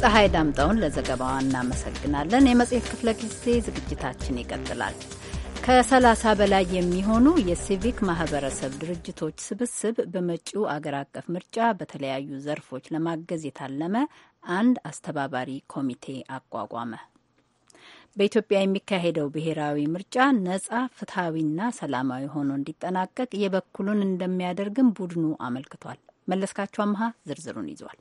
ፀሐይ ዳምጠውን ለዘገባዋ እናመሰግናለን። የመጽሔት ክፍለ ጊዜ ዝግጅታችን ይቀጥላል። ከ30 በላይ የሚሆኑ የሲቪክ ማህበረሰብ ድርጅቶች ስብስብ በመጪው አገር አቀፍ ምርጫ በተለያዩ ዘርፎች ለማገዝ የታለመ አንድ አስተባባሪ ኮሚቴ አቋቋመ። በኢትዮጵያ የሚካሄደው ብሔራዊ ምርጫ ነጻ ፍትሐዊና ሰላማዊ ሆኖ እንዲጠናቀቅ የበኩሉን እንደሚያደርግም ቡድኑ አመልክቷል። መለስካቸው አምሃ ዝርዝሩን ይዟል።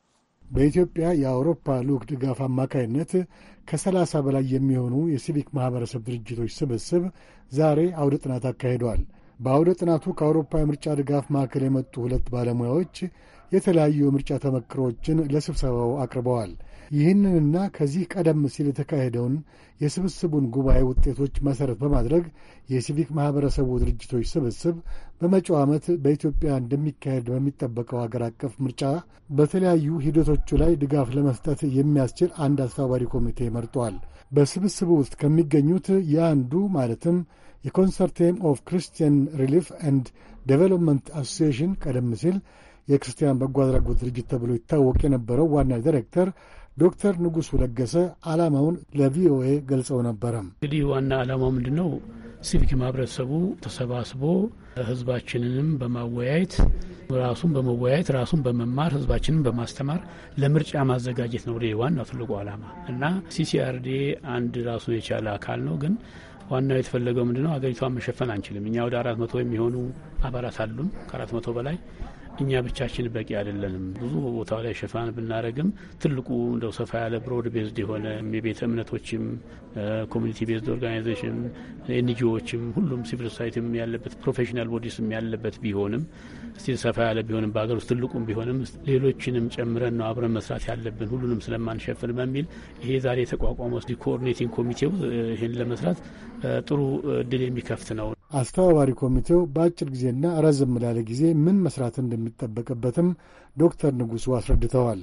በኢትዮጵያ የአውሮፓ ልዑክ ድጋፍ አማካይነት ከሰላሳ በላይ የሚሆኑ የሲቪክ ማኅበረሰብ ድርጅቶች ስብስብ ዛሬ አውደ ጥናት አካሂደዋል። በአውደ ጥናቱ ከአውሮፓ የምርጫ ድጋፍ ማዕከል የመጡ ሁለት ባለሙያዎች የተለያዩ የምርጫ ተመክሮዎችን ለስብሰባው አቅርበዋል። ይህንንና ከዚህ ቀደም ሲል የተካሄደውን የስብስቡን ጉባኤ ውጤቶች መሠረት በማድረግ የሲቪክ ማኅበረሰቡ ድርጅቶች ስብስብ በመጪው ዓመት በኢትዮጵያ እንደሚካሄድ በሚጠበቀው አገር አቀፍ ምርጫ በተለያዩ ሂደቶቹ ላይ ድጋፍ ለመስጠት የሚያስችል አንድ አስተባባሪ ኮሚቴ መርጧል። በስብስቡ ውስጥ ከሚገኙት የአንዱ ማለትም የኮንሰርቴም ኦፍ ክርስቲያን ሪሊፍ ኤንድ ዴቨሎፕመንት አሶሲዬሽን ቀደም ሲል የክርስቲያን በጎ አድራጎት ድርጅት ተብሎ ይታወቅ የነበረው ዋና ዲሬክተር ዶክተር ንጉሱ ለገሰ ዓላማውን ለቪኦኤ ገልጸው ነበረ። እንግዲህ ዋና ዓላማው ምንድን ነው? ሲቪክ ማህበረሰቡ ተሰባስቦ ህዝባችንንም በማወያየት ራሱን በመወያየት ራሱን በመማር ህዝባችንን በማስተማር ለምርጫ ማዘጋጀት ነው ዋናው ትልቁ ዓላማ እና ሲሲአርዴ አንድ ራሱን የቻለ አካል ነው ግን ዋናው የተፈለገው ምንድነው? ሀገሪቷን መሸፈን አንችልም። እኛ ወደ አራት መቶ የሚሆኑ አባላት አሉን። ከአራት መቶ በላይ እኛ ብቻችን በቂ አይደለንም። ብዙ ቦታ ላይ ሽፋን ብናደረግም ትልቁ እንደው ሰፋ ያለ ብሮድ ቤዝድ የሆነ የቤተ እምነቶችም ኮሚኒቲ ቤዝድ ኦርጋናይዜሽን ኤንጂዎችም፣ ሁሉም ሲቪል ሶሳይቲም ያለበት ፕሮፌሽናል ቦዲስም ያለበት ቢሆንም እስቲ ሰፋ ያለ ቢሆንም በሀገር ውስጥ ትልቁም ቢሆንም ሌሎችንም ጨምረን ነው አብረን መስራት ያለብን ሁሉንም ስለማንሸፍን በሚል ይሄ ዛሬ የተቋቋመው ኮኦርዲኔቲንግ ኮሚቴው ይህን ለመስራት ጥሩ እድል የሚከፍት ነው። አስተባባሪ ኮሚቴው በአጭር ጊዜና ረዘም ላለ ጊዜ ምን መስራት እንደሚጠበቅበትም ዶክተር ንጉሱ አስረድተዋል።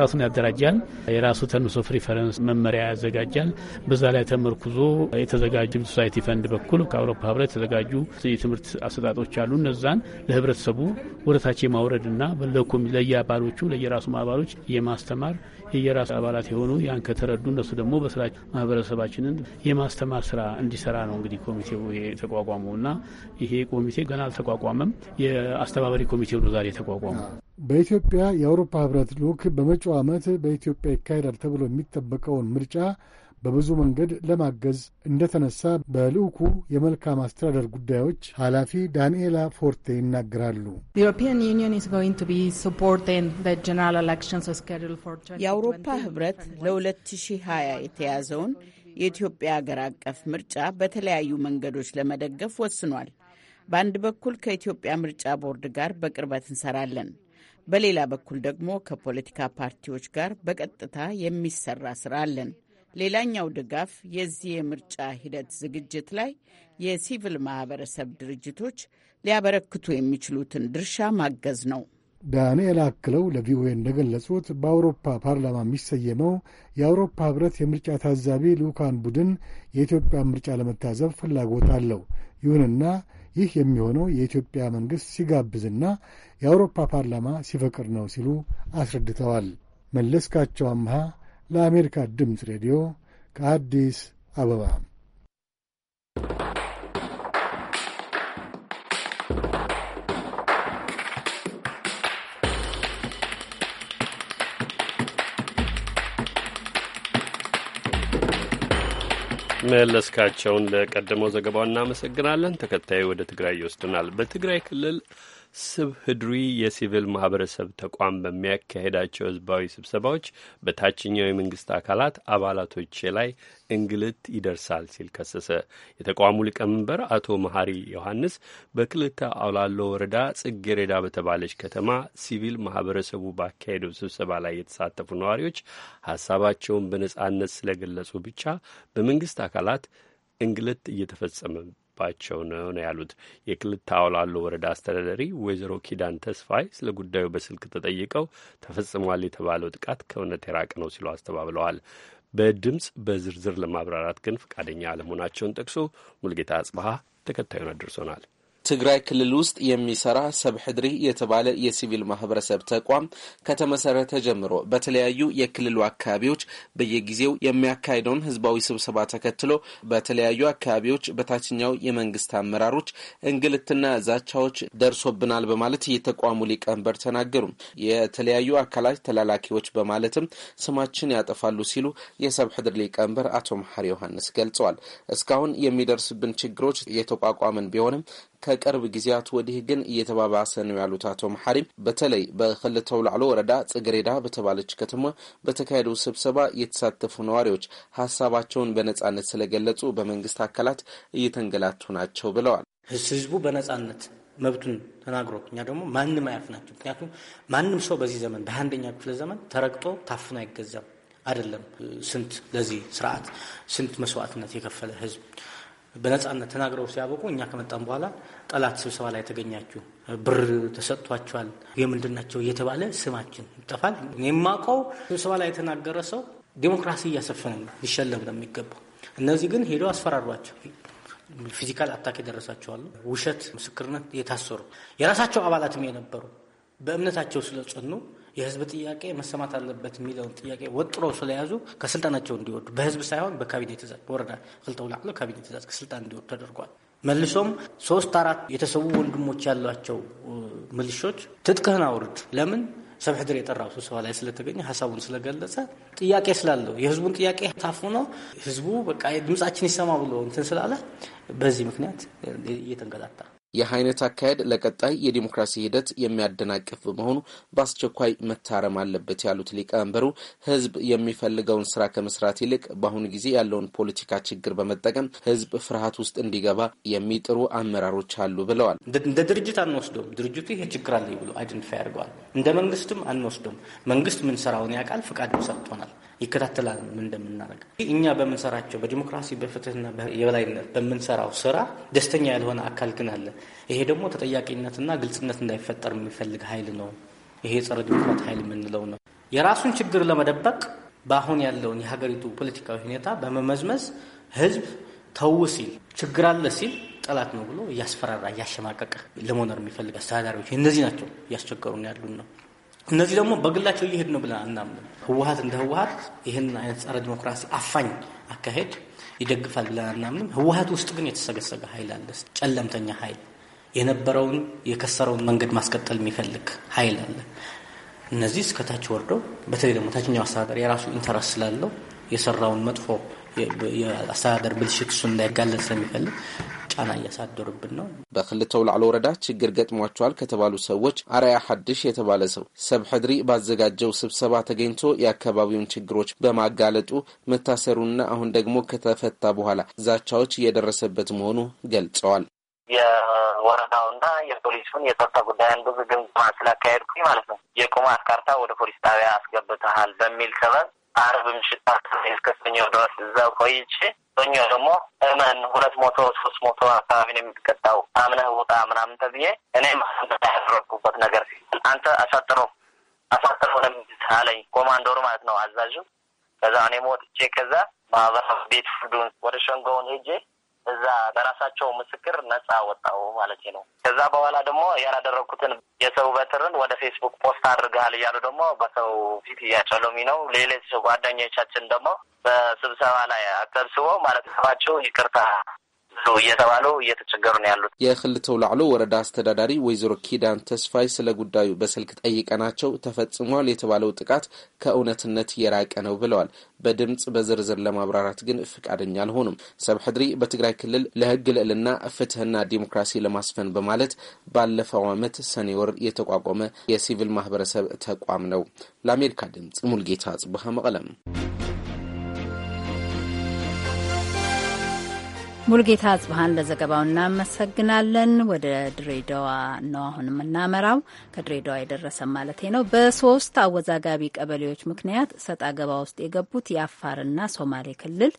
ራሱን ያደራጃል። የራሱ ተንሶ ኦፍ ሪፈረንስ መመሪያ ያዘጋጃል። በዛ ላይ ተመርኩዞ የተዘጋጁ ሶሳይቲ ፈንድ በኩል ከአውሮፓ ህብረት የተዘጋጁ የትምህርት አሰጣጦች አሉ። እነዛን ለህብረተሰቡ ወደታች የማውረድ የማውረድና ለየአባሎቹ ለየራሱ አባሎች የማስተማር የየራሱ አባላት የሆኑ ያን ከተረዱ እነሱ ደግሞ በስራ ማህበረሰባችንን የማስተማር ስራ እንዲሰራ ነው እንግዲህ ኮሚቴው ይሄ የተቋቋመው እና ይሄ ኮሚቴ ገና አልተቋቋመም። የአስተባባሪ ኮሚቴው ነው ዛሬ የተቋቋመው። በኢትዮጵያ የአውሮፓ ህብረት ልዑክ በመጪው ዓመት በኢትዮጵያ ይካሄዳል ተብሎ የሚጠበቀውን ምርጫ በብዙ መንገድ ለማገዝ እንደተነሳ በልዑኩ የመልካም አስተዳደር ጉዳዮች ኃላፊ ዳንኤላ ፎርቴ ይናገራሉ። የአውሮፓ ህብረት ለ2020 የተያዘውን የኢትዮጵያ አገር አቀፍ ምርጫ በተለያዩ መንገዶች ለመደገፍ ወስኗል። በአንድ በኩል ከኢትዮጵያ ምርጫ ቦርድ ጋር በቅርበት እንሰራለን። በሌላ በኩል ደግሞ ከፖለቲካ ፓርቲዎች ጋር በቀጥታ የሚሰራ ስራ አለን። ሌላኛው ድጋፍ የዚህ የምርጫ ሂደት ዝግጅት ላይ የሲቪል ማህበረሰብ ድርጅቶች ሊያበረክቱ የሚችሉትን ድርሻ ማገዝ ነው። ዳንኤል አክለው ለቪኦኤ እንደገለጹት በአውሮፓ ፓርላማ የሚሰየመው የአውሮፓ ህብረት የምርጫ ታዛቢ ልዑካን ቡድን የኢትዮጵያን ምርጫ ለመታዘብ ፍላጎት አለው። ይሁንና ይህ የሚሆነው የኢትዮጵያ መንግሥት ሲጋብዝና የአውሮፓ ፓርላማ ሲፈቅድ ነው ሲሉ አስረድተዋል። መለስካቸው አምሃ ለአሜሪካ ድምፅ ሬዲዮ ከአዲስ አበባ መለስካቸውን ለቀደመው ዘገባው እናመሰግናለን። ተከታዩ ወደ ትግራይ ይወስድናል። በትግራይ ክልል ስብ የሲቪል ማህበረሰብ ተቋም በሚያካሄዳቸው ህዝባዊ ስብሰባዎች በታችኛው የመንግስት አካላት አባላቶቼ ላይ እንግልት ይደርሳል ሲል ከሰሰ። የተቋሙ ሊቀመንበር አቶ መሀሪ ዮሐንስ በክልተ አውላሎ ወረዳ ጽጌሬዳ በተባለች ከተማ ሲቪል ማህበረሰቡ ባካሄደው ስብሰባ ላይ የተሳተፉ ነዋሪዎች ሀሳባቸውን በነጻነት ስለገለጹ ብቻ በመንግስት አካላት እንግልት እየተፈጸመ ባቸው ነው ነው ያሉት የክልት አውላሎ ወረዳ አስተዳደሪ ወይዘሮ ኪዳን ተስፋይ ስለ ጉዳዩ በስልክ ተጠይቀው ተፈጽሟል የተባለው ጥቃት ከእውነት የራቀ ነው ሲሉ አስተባብለዋል። በድምፅ በዝርዝር ለማብራራት ግን ፈቃደኛ አለመሆናቸውን ጠቅሶ ሙልጌታ አጽበሀ ተከታዩን አድርሶናል። ትግራይ ክልል ውስጥ የሚሰራ ሰብሕድሪ የተባለ የሲቪል ማህበረሰብ ተቋም ከተመሰረተ ጀምሮ በተለያዩ የክልሉ አካባቢዎች በየጊዜው የሚያካሂደውን ህዝባዊ ስብሰባ ተከትሎ በተለያዩ አካባቢዎች በታችኛው የመንግስት አመራሮች እንግልትና ዛቻዎች ደርሶብናል በማለት የተቋሙ ሊቀመንበር ተናገሩ። የተለያዩ አካላት ተላላኪዎች በማለትም ስማችን ያጠፋሉ ሲሉ የሰብ ሕድር ሊቀመንበር አቶ መሐሪ ዮሐንስ ገልጸዋል። እስካሁን የሚደርስብን ችግሮች የተቋቋምን ቢሆንም ከቅርብ ጊዜያት ወዲህ ግን እየተባባሰ ነው ያሉት አቶ መሐሪም በተለይ በክልተ አውላዕሎ ወረዳ ጽግሬዳ በተባለች ከተማ በተካሄደው ስብሰባ የተሳተፉ ነዋሪዎች ሀሳባቸውን በነጻነት ስለገለጹ በመንግስት አካላት እየተንገላቱ ናቸው ብለዋል። ህዝቡ በነጻነት መብቱን ተናግሮ እኛ ደግሞ ማንም አያፍናቸው። ምክንያቱም ማንም ሰው በዚህ ዘመን በአንደኛ ክፍለ ዘመን ተረግጦ ታፍኖ አይገዛም አይደለም። ስንት ለዚህ ስርዓት ስንት መስዋዕትነት የከፈለ ህዝብ በነጻነት ተናግረው ሲያበቁ እኛ ከመጣም በኋላ ጠላት ስብሰባ ላይ የተገኛችሁ ብር ተሰጥቷቸዋል የምንድናቸው እየተባለ ስማችን ይጠፋል። የማውቀው ስብሰባ ላይ የተናገረ ሰው ዴሞክራሲ እያሰፈነ ሊሸለም ነው የሚገባው። እነዚህ ግን ሄደው አስፈራሯቸው። ፊዚካል አታክ የደረሳቸዋሉ፣ ውሸት ምስክርነት የታሰሩ የራሳቸው አባላትም የነበሩ በእምነታቸው ስለጸኑ የህዝብ ጥያቄ መሰማት አለበት የሚለውን ጥያቄ ወጥሮ ስለያዙ ከስልጣናቸው እንዲወዱ በህዝብ ሳይሆን በካቢኔ ትእዛዝ በወረዳ ክልተውላቅሎ ካቢኔ ትእዛዝ ከስልጣን እንዲወዱ ተደርጓል። መልሶም ሶስት አራት የተሰዉ ወንድሞች ያሏቸው ምልሾች ትጥቅህን አውርድ ለምን ድር የጠራው ስብሰባ ላይ ስለተገኘ ሀሳቡን ስለገለጸ ጥያቄ ስላለው የህዝቡን ጥያቄ ታፍኖ ህዝቡ በቃ ድምጻችን ይሰማ ብሎ እንትን ስላለ በዚህ ምክንያት እየተንገላታ ይህ አይነት አካሄድ ለቀጣይ የዲሞክራሲ ሂደት የሚያደናቅፍ በመሆኑ በአስቸኳይ መታረም አለበት ያሉት ሊቀመንበሩ ህዝብ የሚፈልገውን ስራ ከመስራት ይልቅ በአሁኑ ጊዜ ያለውን ፖለቲካ ችግር በመጠቀም ህዝብ ፍርሃት ውስጥ እንዲገባ የሚጥሩ አመራሮች አሉ ብለዋል። እንደ ድርጅት አንወስዶም። ድርጅቱ ይሄ ችግር አለ ብሎ አይደንቲፋይ ያደርገዋል። እንደ መንግስትም አንወስዶም። መንግስት ምን ስራውን ያውቃል፣ ፍቃድም ሰጥቶናል። ይከታተላል። ምን እንደምናደርግ እኛ በምንሰራቸው በዲሞክራሲ በፍትህና የበላይነት በምንሰራው ስራ ደስተኛ ያልሆነ አካል ግን አለ። ይሄ ደግሞ ተጠያቂነትና ግልጽነት እንዳይፈጠር የሚፈልግ ኃይል ነው። ይሄ ጸረ ዲሞክራት ኃይል የምንለው ነው። የራሱን ችግር ለመደበቅ በአሁን ያለውን የሀገሪቱ ፖለቲካዊ ሁኔታ በመመዝመዝ ህዝብ ተው ሲል ችግር አለ ሲል ጠላት ነው ብሎ እያስፈራራ እያሸማቀቀ ለመኖር የሚፈልግ አስተዳዳሪዎች እነዚህ ናቸው እያስቸገሩን ያሉን ነው። እነዚህ ደግሞ በግላቸው እየሄድ ነው ብለን አናምንም። ህወሀት እንደ ህወሀት ይህንን አይነት ጸረ ዲሞክራሲ አፋኝ አካሄድ ይደግፋል ብለን አናምንም። ህወሀት ውስጥ ግን የተሰገሰገ ኃይል አለ፣ ጨለምተኛ ኃይል የነበረውን የከሰረውን መንገድ ማስቀጠል የሚፈልግ ኃይል አለ። እነዚህ እስከታች ወርደው በተለይ ደግሞ ታችኛው አስተዳደር የራሱ ኢንተረስት ስላለው የሰራውን መጥፎ የአስተዳደር ብልሽት እሱ እንዳይጋለጥ ስለሚፈልግ ጫና እያሳደሩብን ነው። በክልተው ላዕሎ ወረዳ ችግር ገጥሟቸዋል ከተባሉ ሰዎች አርያ ሐድሽ የተባለ ሰው ሰብ ሕድሪ ባዘጋጀው ስብሰባ ተገኝቶ የአካባቢውን ችግሮች በማጋለጡ መታሰሩና አሁን ደግሞ ከተፈታ በኋላ ዛቻዎች እየደረሰበት መሆኑ ገልጸዋል። የወረዳውና የፖሊሱን የጸጥታ ጉዳይን ብዙ ግምገማ ስላካሄድኩኝ ማለት ነው የቁማር ካርታ ወደ ፖሊስ ጣቢያ አስገብተሃል በሚል ሰበብ አርብ ምሽት አካባቢ እስከ ሰኞ ድረስ እዛው ቆይቼ ሰኞ ደግሞ እመን ሁለት ሞቶ ሶስት ሞቶ አካባቢ ነው የምትቀጣው አምነህ ውጣ ምናምን ተብዬ እኔ ያደረግኩበት ነገር አንተ አሳጥሮ አሳጥሮ አለኝ ኮማንዶር ማለት ነው አዛዥም ከዛ እኔ ሞጥቼ ከዛ ማህበራ ቤት ፍርዱን ወደ ሸንጎውን ሄጄ እዛ በራሳቸው ምስክር ነጻ ወጣው ማለት ነው። ከዛ በኋላ ደግሞ ያላደረግኩትን የሰው በትርን ወደ ፌስቡክ ፖስት አድርገሃል እያሉ ደግሞ በሰው ፊት እያጨለሚ ነው። ሌሎች ጓደኞቻችን ደግሞ በስብሰባ ላይ ተሰብስበው ማለት ሰባቸው ይቅርታ ነው እየተባሉ እየተቸገሩ ነው ያሉት። የክልተው ላዕሎ ወረዳ አስተዳዳሪ ወይዘሮ ኪዳን ተስፋይ ስለ ጉዳዩ በስልክ ጠይቀናቸው ተፈጽሟል የተባለው ጥቃት ከእውነትነት የራቀ ነው ብለዋል። በድምፅ በዝርዝር ለማብራራት ግን ፍቃደኛ አልሆኑም። ሰብሕድሪ በትግራይ ክልል ለህግ ልዕልና ፍትህና ዲሞክራሲ ለማስፈን በማለት ባለፈው ዓመት ሰኔ ወር የተቋቋመ የሲቪል ማህበረሰብ ተቋም ነው። ለአሜሪካ ድምፅ ሙልጌታ ጽቡሃ መቀለም ሙልጌታ ጽብሃን ለዘገባው እናመሰግናለን። ወደ ድሬዳዋ ነው አሁን የምናመራው። ከድሬዳዋ የደረሰ ማለት ነው። በሶስት አወዛጋቢ ቀበሌዎች ምክንያት እሰጥ አገባ ውስጥ የገቡት የአፋርና ሶማሌ ክልል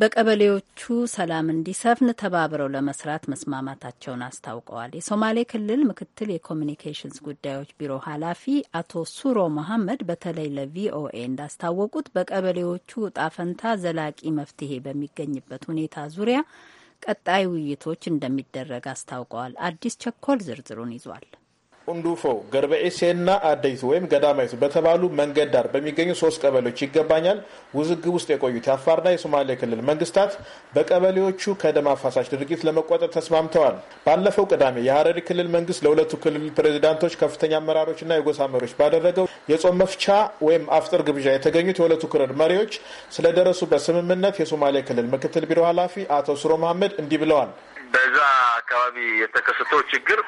በቀበሌዎቹ ሰላም እንዲሰፍን ተባብረው ለመስራት መስማማታቸውን አስታውቀዋል። የሶማሌ ክልል ምክትል የኮሚኒኬሽንስ ጉዳዮች ቢሮ ኃላፊ አቶ ሱሮ መሐመድ በተለይ ለቪኦኤ እንዳስታወቁት በቀበሌዎቹ እጣ ፈንታ ዘላቂ መፍትሄ በሚገኝበት ሁኔታ ዙሪያ ቀጣይ ውይይቶች እንደሚደረግ አስታውቀዋል። አዲስ ቸኮል ዝርዝሩን ይዟል። ቁንዱፎ፣ ገርበኤሴና አደይቱ ወይም ገዳማይቱ በተባሉ መንገድ ዳር በሚገኙ ሶስት ቀበሌዎች ይገባኛል ውዝግብ ውስጥ የቆዩት የአፋርና የሶማሌ ክልል መንግስታት በቀበሌዎቹ ከደም አፋሳሽ ድርጊት ለመቆጠር ተስማምተዋል። ባለፈው ቅዳሜ የሀረሪ ክልል መንግስት ለሁለቱ ክልል ፕሬዚዳንቶች ከፍተኛ አመራሮችና የጎሳ መሪዎች ባደረገው የጾም መፍቻ ወይም አፍጥር ግብዣ የተገኙት የሁለቱ ክልል መሪዎች ስለደረሱበት ስምምነት የሶማሌ ክልል ምክትል ቢሮ ኃላፊ አቶ ስሮ መሀመድ እንዲህ ብለዋል። በዛ አካባቢ የተከሰተው ችግር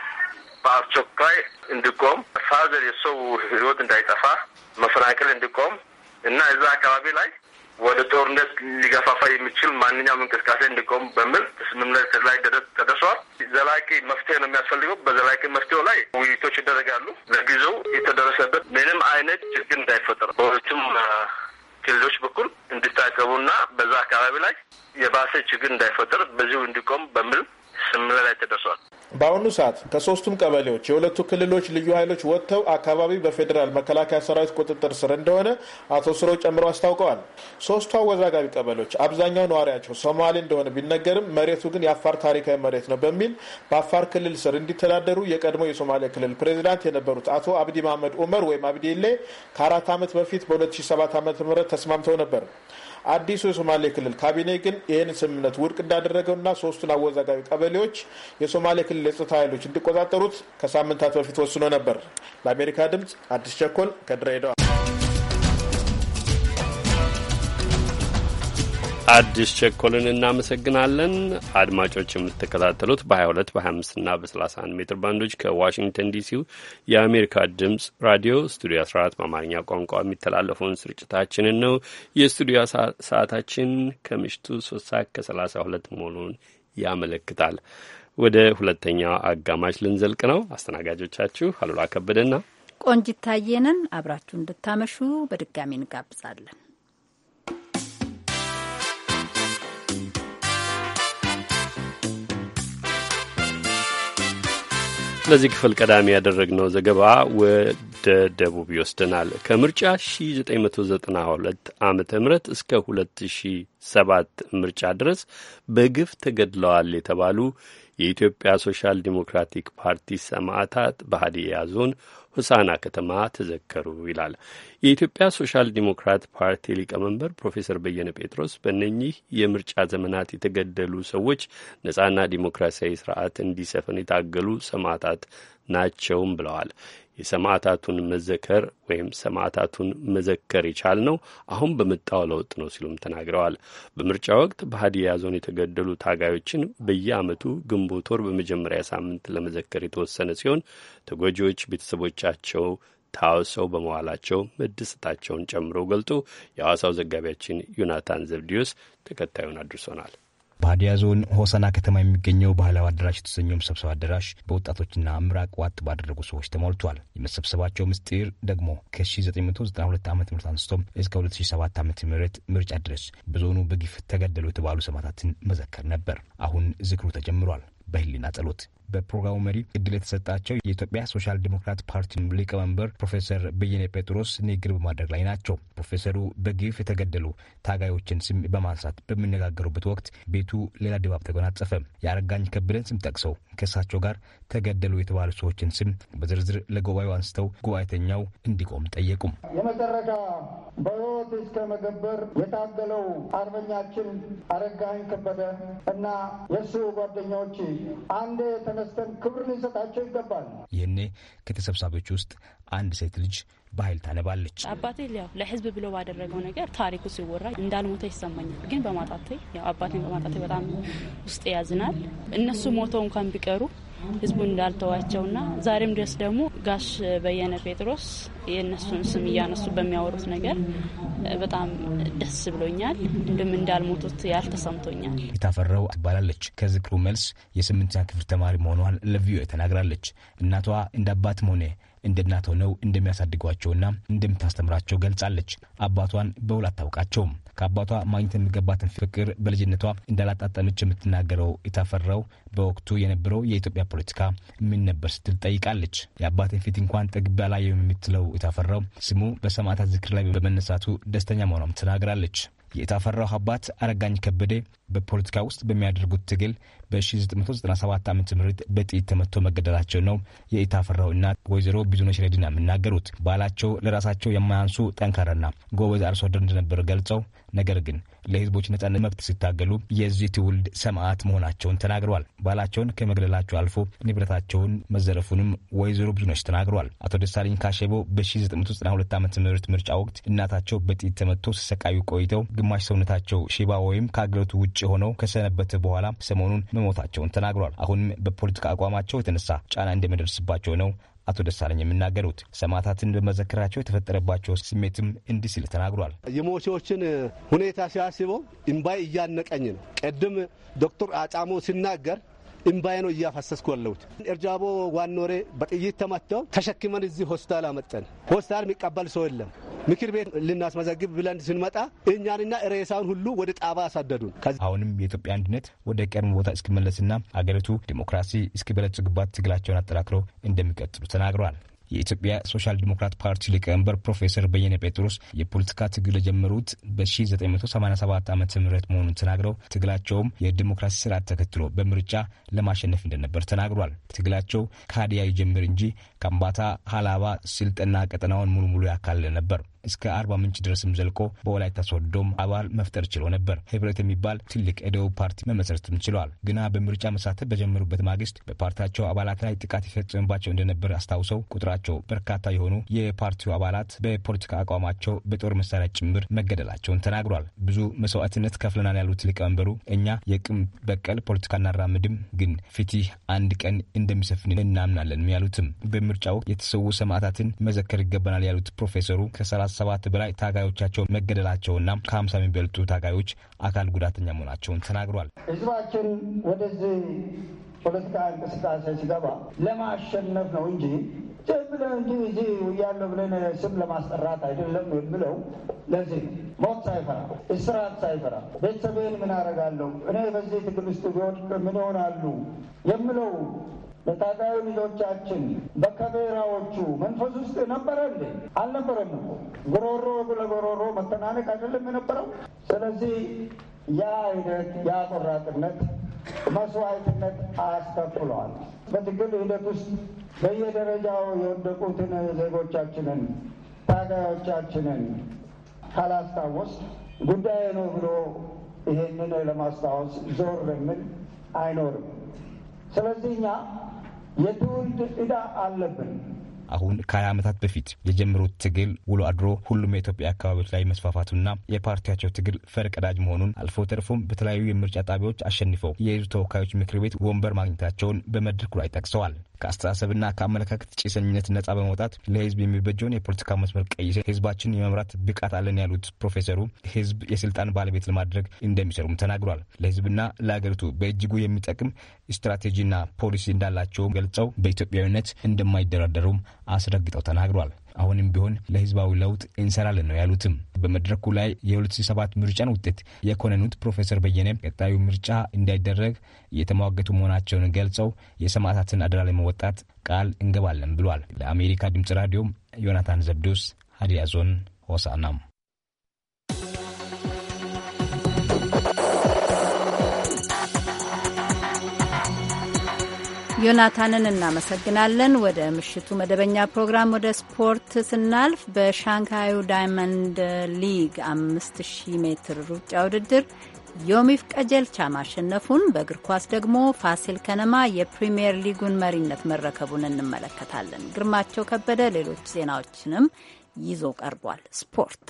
በአስቸኳይ እንዲቆም ፋዘር የሰው ህይወት እንዳይጠፋ መፈናቀል እንዲቆም እና እዛ አካባቢ ላይ ወደ ጦርነት ሊገፋፋ የሚችል ማንኛውም እንቅስቃሴ እንዲቆም በሚል ስምምነት ላይ ተደርሷል። ዘላቂ መፍትሄ ነው የሚያስፈልገው። በዘላቂ መፍትሄው ላይ ውይይቶች ይደረጋሉ። ለጊዜው የተደረሰበት ምንም አይነት ችግር እንዳይፈጠር በሁለቱም ክልሎች በኩል እንዲታቀቡና በዛ አካባቢ ላይ የባሰ ችግር እንዳይፈጠር በዚሁ እንዲቆም በሚል ስምምነት ላይ ተደርሷል። በአሁኑ ሰዓት ከሶስቱም ቀበሌዎች የሁለቱ ክልሎች ልዩ ኃይሎች ወጥተው አካባቢ በፌዴራል መከላከያ ሰራዊት ቁጥጥር ስር እንደሆነ አቶ ስሮ ጨምሮ አስታውቀዋል። ሶስቱ አወዛጋቢ ቀበሌዎች አብዛኛው ነዋሪያቸው ሶማሌ እንደሆነ ቢነገርም መሬቱ ግን የአፋር ታሪካዊ መሬት ነው በሚል በአፋር ክልል ስር እንዲተዳደሩ የቀድሞ የሶማሌ ክልል ፕሬዚዳንት የነበሩት አቶ አብዲ ማህመድ ኡመር ወይም አብዲሌ ከአራት ዓመት በፊት በ2007 ዓ ም ተስማምተው ነበር። አዲሱ የሶማሌ ክልል ካቢኔ ግን ይህን ስምምነት ውድቅ እንዳደረገውና ሶስቱን አወዛጋቢ ቀበሌዎች የሶማሌ ክልል የጸጥታ ኃይሎች እንዲቆጣጠሩት ከሳምንታት በፊት ወስኖ ነበር። ለአሜሪካ ድምጽ አዲስ ቸኮል ከድሬዳዋ አዲስ ቸኮልን እናመሰግናለን። አድማጮች የምትከታተሉት በ22 25 እና በ31 ሜትር ባንዶች ከዋሽንግተን ዲሲው የአሜሪካ ድምፅ ራዲዮ ስቱዲዮ 14 በአማርኛ ቋንቋ የሚተላለፈውን ስርጭታችንን ነው። የስቱዲዮ ሰዓታችን ከምሽቱ 3 ሰዓት ከ32 መሆኑን ያመለክታል። ወደ ሁለተኛው አጋማሽ ልንዘልቅ ነው። አስተናጋጆቻችሁ አሉላ ከበደና ቆንጂት ታየንን አብራችሁ እንድታመሹ በድጋሚ እንጋብዛለን። ለዚህ ክፍል ቀዳሚ ያደረግነው ዘገባ ወደ ደቡብ ይወስደናል። ከምርጫ 1992 ዓ ም እስከ 2007 ምርጫ ድረስ በግፍ ተገድለዋል የተባሉ የኢትዮጵያ ሶሻል ዲሞክራቲክ ፓርቲ ሰማዕታት በሀዲያ ዞን ሆሳና ከተማ ተዘከሩ ይላል። የኢትዮጵያ ሶሻል ዲሞክራት ፓርቲ ሊቀመንበር ፕሮፌሰር በየነ ጴጥሮስ በእነኚህ የምርጫ ዘመናት የተገደሉ ሰዎች ነጻና ዲሞክራሲያዊ ስርዓት እንዲሰፍን የታገሉ ሰማዕታት ናቸውም ብለዋል። የሰማዕታቱን መዘከር ወይም ሰማዕታቱን መዘከር የቻል ነው አሁን በመጣው ለውጥ ነው ሲሉም ተናግረዋል። በምርጫ ወቅት በሀዲያ ዞን የተገደሉ ታጋዮችን በየዓመቱ ግንቦት ወር በመጀመሪያ ሳምንት ለመዘከር የተወሰነ ሲሆን ተጎጂዎች ቤተሰቦቻቸው ታውሰው በመዋላቸው መደሰታቸውን ጨምሮ ገልጦ የሐዋሳው ዘጋቢያችን ዮናታን ዘብዲዮስ ተከታዩን አድርሶናል። በሀዲያ ዞን ሆሳና ከተማ የሚገኘው ባህላዊ አዳራሽ የተሰኘው መሰብሰብ አዳራሽ በወጣቶችና ምራቅ ዋጥ ባደረጉ ሰዎች ተሞልቷል። የመሰብሰባቸው ምስጢር ደግሞ ከ1992 ዓ.ም ም አንስቶ እስከ 2007 ዓም ምርጫ ድረስ በዞኑ በግፍ ተገደሉ የተባሉ ሰማዕታትን መዘከር ነበር። አሁን ዝክሩ ተጀምሯል። በህሊና ጸሎት በፕሮግራሙ መሪ እድል የተሰጣቸው የኢትዮጵያ ሶሻል ዲሞክራት ፓርቲ ሊቀመንበር ፕሮፌሰር በየነ ጴጥሮስ ንግግር በማድረግ ላይ ናቸው። ፕሮፌሰሩ በግፍ የተገደሉ ታጋዮችን ስም በማንሳት በሚነጋገሩበት ወቅት ቤቱ ሌላ ድባብ ተጎናጸፈ። የአረጋኝ ከበደን ስም ጠቅሰው ከእሳቸው ጋር ተገደሉ የተባሉ ሰዎችን ስም በዝርዝር ለጉባኤው አንስተው ጉባኤተኛው እንዲቆም ጠየቁም። የመጨረሻ በሕይወት እስከ መገበር የታገለው አርበኛችን አረጋኝ ከበደ እና የእሱ ጓደኛዎች አንዴ ተነስተን ክብር ልንሰጣቸው ይገባል። ይህኔ ከተሰብሳቢዎች ውስጥ አንድ ሴት ልጅ በኃይል ታነባለች። አባቴ ያው ለህዝብ ብሎ ባደረገው ነገር ታሪኩ ሲወራ እንዳልሞተ ይሰማኛል። ግን በማጣቴ ያው አባቴን በማጣቴ በጣም ውስጥ ያዝናል። እነሱ ሞተው እንኳን ቢቀሩ ህዝቡ እንዳልተዋቸውና ዛሬም ድረስ ደግሞ ጋሽ በየነ ጴጥሮስ የእነሱን ስም እያነሱ በሚያወሩት ነገር በጣም ደስ ብሎኛል። እንድም እንዳልሞቱት ያልተሰምቶኛል። የታፈራው ትባላለች። ከዝቅሩ መልስ የስምንተኛ ክፍል ተማሪ መሆኗን ለቪኦኤ ተናግራለች። እናቷ እንደ አባትም ሆነ እንደ እናት ሆነው እንደሚያሳድጓቸውና እንደምታስተምራቸው ገልጻለች። አባቷን በውል አታውቃቸውም። ከአባቷ ማግኘት የሚገባትን ፍቅር በልጅነቷ እንዳላጣጠመች የምትናገረው የታፈራው በወቅቱ የነበረው የኢትዮጵያ ፖለቲካ ምን ነበር ስትል ጠይቃለች። የአባቴን ፊት እንኳን ጠግቤ አላየሁም የምትለው የታፈራው ስሙ በሰማዕታት ዝክር ላይ በመነሳቱ ደስተኛ መሆኗም ትናግራለች። የታፈራው አባት አረጋኝ ከበደ በፖለቲካ ውስጥ በሚያደርጉት ትግል በ1997 ዓ ም በጥይት ተመቶ መገደላቸው ነው የኢታፈራው እናት ወይዘሮ ቢዙነሽ ረዲና የሚናገሩት። ባላቸው ለራሳቸው የማያንሱ ጠንካራና ጎበዝ አርሶ አደር እንደነበር ገልጸው ነገር ግን ለህዝቦች ነጻነት መብት ሲታገሉ የዚህ ትውልድ ሰማዕት መሆናቸውን ተናግረዋል። ባላቸውን ከመግደላቸው አልፎ ንብረታቸውን መዘረፉንም ወይዘሮ ብዙነሽ ተናግረዋል። አቶ ደሳለኝ ካሸቦ በ1992 ዓ ም ምርጫ ወቅት እናታቸው በጥይት ተመቶ ሲሰቃዩ ቆይተው ግማሽ ሰውነታቸው ሽባ ወይም ከአገሪቱ ውጭ ሆነው ከሰነበተ በኋላ ሰሞኑን መሞታቸውን ተናግሯል። አሁንም በፖለቲካ አቋማቸው የተነሳ ጫና እንደሚደርስባቸው ነው አቶ ደሳለኝ የሚናገሩት ሰማዕታትን በመዘከራቸው የተፈጠረባቸው ስሜትም እንዲህ ሲል ተናግሯል። የሞቾችን ሁኔታ ሲያስበው እምባይ እያነቀኝ ነው። ቅድም ዶክተር አጫሞ ሲናገር እምባዬ ነው እያፈሰስኩ ያለሁት። እርጃቦ ዋኖሬ በጥይት ተመተው ተሸክመን እዚህ ሆስፒታል አመጠን። ሆስፒታል የሚቀበል ሰው የለም። ምክር ቤት ልናስመዘግብ ብለን ስንመጣ እኛንና ሬሳውን ሁሉ ወደ ጣባ አሳደዱን። አሁንም የኢትዮጵያ አንድነት ወደ ቀድሞ ቦታ እስኪመለስና አገሪቱ ዲሞክራሲ እስኪበለጽግባት ትግላቸውን አጠናክረው እንደሚቀጥሉ ተናግረዋል። የኢትዮጵያ ሶሻል ዲሞክራት ፓርቲ ሊቀመንበር ፕሮፌሰር በየነ ጴጥሮስ የፖለቲካ ትግል የጀመሩት በ1987 ዓ ም መሆኑን ተናግረው ትግላቸውም የዲሞክራሲ ስርዓት ተከትሎ በምርጫ ለማሸነፍ እንደነበር ተናግሯል። ትግላቸው ከሀዲያ ይጀምር እንጂ ከምባታ፣ ሀላባ፣ ስልጠና ቀጠናውን ሙሉ ሙሉ ያካለለ ነበር። እስከ አርባ ምንጭ ድረስም ዘልቆ በወላይታ ሶዶም አባል መፍጠር ችሎ ነበር። ህብረት የሚባል ትልቅ የደቡብ ፓርቲ መመስረትም ችለዋል። ግና በምርጫ መሳተፍ በጀመሩበት ማግስት በፓርቲያቸው አባላት ላይ ጥቃት ይፈጽምባቸው እንደነበር አስታውሰው ቁጥራቸው በርካታ የሆኑ የፓርቲው አባላት በፖለቲካ አቋማቸው በጦር መሳሪያ ጭምር መገደላቸውን ተናግሯል። ብዙ መስዋዕትነት ከፍለናል ያሉት ሊቀመንበሩ እኛ የቅም በቀል ፖለቲካ እናራምድም፣ ግን ፍትህ አንድ ቀን እንደሚሰፍን እናምናለን ያሉትም በምርጫው የተሰዉ ሰማዕታትን መዘከር ይገባናል ያሉት ፕሮፌሰሩ ከሰላ ሰባት በላይ ታጋዮቻቸው መገደላቸውና ከ50 የሚበልጡ ታጋዮች አካል ጉዳተኛ መሆናቸውን ተናግሯል። ህዝባችን ወደዚህ ፖለቲካ እንቅስቃሴ ሲገባ ለማሸነፍ ነው እንጂ ዝም ብለን እንጂ እዚህ እያለሁ ብለን ስም ለማስጠራት አይደለም የምለው። ለዚህ ሞት ሳይፈራ እስራት ሳይፈራ ቤተሰቤን ምን አደርጋለሁ እኔ በዚህ ትግል ውስጥ ቢወድቅ ምን ይሆናሉ የምለው በታጣዩ ልጆቻችን በከቤራዎቹ መንፈስ ውስጥ ነበረ እንዴ? አልነበረም እኮ ጉሮሮ ለጉሮሮ መተናነቅ አይደለም የነበረው። ስለዚህ ያ አይነት ያ ቆራጥነት መስዋዕትነት አስከፍሏል። በትግል ሂደት ውስጥ በየደረጃው የወደቁትን ዜጎቻችንን ታጋዮቻችንን ካላስታወስ ጉዳይ ነው ብሎ ይሄንን ለማስታወስ ዞር የሚል አይኖርም። ስለዚህ እኛ የትውልድ ዕዳ አለብን። አሁን ከሀያ ዓመታት በፊት የጀመሩት ትግል ውሎ አድሮ ሁሉም የኢትዮጵያ አካባቢዎች ላይ መስፋፋቱና የፓርቲያቸው ትግል ፈርቀዳጅ መሆኑን አልፎ ተርፎም በተለያዩ የምርጫ ጣቢያዎች አሸንፈው የህዝብ ተወካዮች ምክር ቤት ወንበር ማግኘታቸውን በመድረኩ ላይ ጠቅሰዋል። ከአስተሳሰብና ከአመለካከት ጭሰኝነት ነጻ በመውጣት ለህዝብ የሚበጀውን የፖለቲካ መስመር ቀይሰ ህዝባችን የመምራት ብቃት አለን ያሉት ፕሮፌሰሩ ህዝብ የስልጣን ባለቤት ለማድረግ እንደሚሰሩም ተናግሯል። ለህዝብና ለአገሪቱ በእጅጉ የሚጠቅም ስትራቴጂና ፖሊሲ እንዳላቸው ገልጸው በኢትዮጵያዊነት እንደማይደራደሩም አስረግጠው ተናግሯል። አሁንም ቢሆን ለህዝባዊ ለውጥ እንሰራለን ነው ያሉትም። በመድረኩ ላይ የ2007 ምርጫን ውጤት የኮነኑት ፕሮፌሰር በየነ ቀጣዩ ምርጫ እንዳይደረግ እየተሟገቱ መሆናቸውን ገልጸው የሰማዕታትን አደራ ለመወጣት ቃል እንገባለን ብሏል። ለአሜሪካ ድምፅ ራዲዮ ዮናታን ዘብዶስ ሀዲያ ዞን ሆሳናም ዮናታንን እናመሰግናለን። ወደ ምሽቱ መደበኛ ፕሮግራም ወደ ስፖርት ስናልፍ በሻንግሃዩ ዳይመንድ ሊግ አምስት ሺህ ሜትር ሩጫ ውድድር ዮሚፍ ቀጀልቻ ማሸነፉን በእግር ኳስ ደግሞ ፋሲል ከነማ የፕሪምየር ሊጉን መሪነት መረከቡን እንመለከታለን። ግርማቸው ከበደ ሌሎች ዜናዎችንም ይዞ ቀርቧል። ስፖርት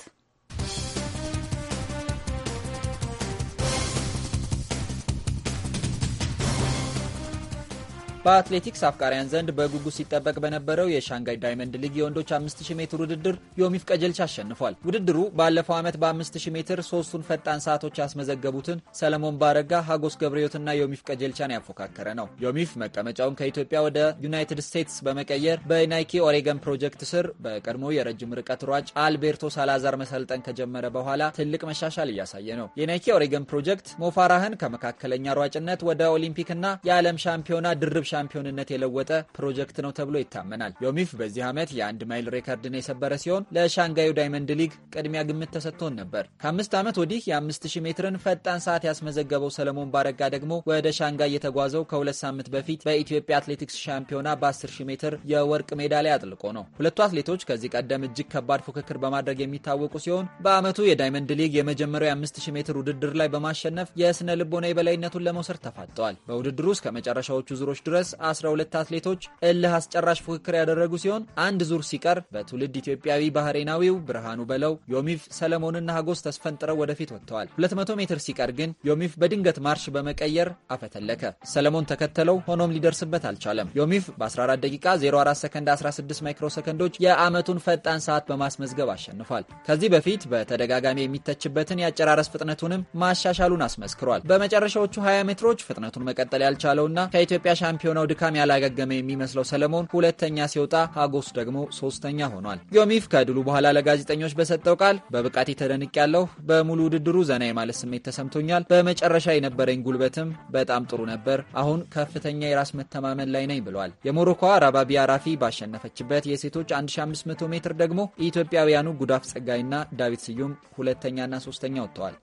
በአትሌቲክስ አፍቃሪያን ዘንድ በጉጉት ሲጠበቅ በነበረው የሻንጋይ ዳይመንድ ሊግ የወንዶች 5000 ሜትር ውድድር ዮሚፍ ቀጀልቻ አሸንፏል። ውድድሩ ባለፈው ዓመት በ5000 ሜትር ሶስቱን ፈጣን ሰዓቶች ያስመዘገቡትን ሰለሞን ባረጋ፣ ሀጎስ ገብረዮትና ዮሚፍ ቀጀልቻን ያፎካከረ ነው። ዮሚፍ መቀመጫውን ከኢትዮጵያ ወደ ዩናይትድ ስቴትስ በመቀየር በናይኪ ኦሬገን ፕሮጀክት ስር በቀድሞ የረጅም ርቀት ሯጭ አልቤርቶ ሳላዛር መሰልጠን ከጀመረ በኋላ ትልቅ መሻሻል እያሳየ ነው። የናይኪ ኦሬገን ፕሮጀክት ሞፋራህን ከመካከለኛ ሯጭነት ወደ ኦሊምፒክና የዓለም ሻምፒዮና ድርብ ሻምፒዮንነት የለወጠ ፕሮጀክት ነው ተብሎ ይታመናል። ዮሚፍ በዚህ ዓመት የአንድ ማይል ሬከርድን የሰበረ ሲሆን ለሻንጋዩ ዳይመንድ ሊግ ቅድሚያ ግምት ተሰጥቶን ነበር። ከአምስት ዓመት ወዲህ የ5000 ሜትርን ፈጣን ሰዓት ያስመዘገበው ሰለሞን ባረጋ ደግሞ ወደ ሻንጋይ የተጓዘው ከሁለት ሳምንት በፊት በኢትዮጵያ አትሌቲክስ ሻምፒዮና በ10000 ሜትር የወርቅ ሜዳሊያ አጥልቆ ነው። ሁለቱ አትሌቶች ከዚህ ቀደም እጅግ ከባድ ፉክክር በማድረግ የሚታወቁ ሲሆን በዓመቱ የዳይመንድ ሊግ የመጀመሪያው 5000 ሜትር ውድድር ላይ በማሸነፍ የስነ ልቦና የበላይነቱን ለመውሰድ ተፋጠዋል። በውድድሩ እስከ መጨረሻዎቹ ዙሮች ድረስ ድረስ 12 አትሌቶች እልህ አስጨራሽ ፉክክር ያደረጉ ሲሆን አንድ ዙር ሲቀር በትውልድ ኢትዮጵያዊ ባህሬናዊው ብርሃኑ በለው፣ ዮሚፍ ሰለሞንና ሀጎስ ተስፈንጥረው ወደፊት ወጥተዋል። 200 ሜትር ሲቀር ግን ዮሚፍ በድንገት ማርሽ በመቀየር አፈተለከ። ሰለሞን ተከተለው፣ ሆኖም ሊደርስበት አልቻለም። ዮሚፍ በ14 ደቂቃ 04 ሰከንድ 16 ማይክሮ ሰከንዶች የዓመቱን ፈጣን ሰዓት በማስመዝገብ አሸንፏል። ከዚህ በፊት በተደጋጋሚ የሚተችበትን የአጨራረስ ፍጥነቱንም ማሻሻሉን አስመስክሯል። በመጨረሻዎቹ 20 ሜትሮች ፍጥነቱን መቀጠል ያልቻለውና ከኢትዮጵያ ሻምፒዮን ከአምባገነናው ድካም ያላገገመ የሚመስለው ሰለሞን ሁለተኛ ሲወጣ፣ ሀጎስ ደግሞ ሶስተኛ ሆኗል። ዮሚፍ ከድሉ በኋላ ለጋዜጠኞች በሰጠው ቃል በብቃቴ ተደንቅ ያለሁ በሙሉ ውድድሩ ዘና የማለት ስሜት ተሰምቶኛል። በመጨረሻ የነበረኝ ጉልበትም በጣም ጥሩ ነበር። አሁን ከፍተኛ የራስ መተማመን ላይ ነኝ ብሏል። የሞሮኮ ራባቢ አራፊ ባሸነፈችበት የሴቶች 1500 ሜትር ደግሞ ኢትዮጵያውያኑ ጉዳፍ ጸጋይና ዳዊት ስዩም ሁለተኛና ሶስተኛ ወጥተዋል።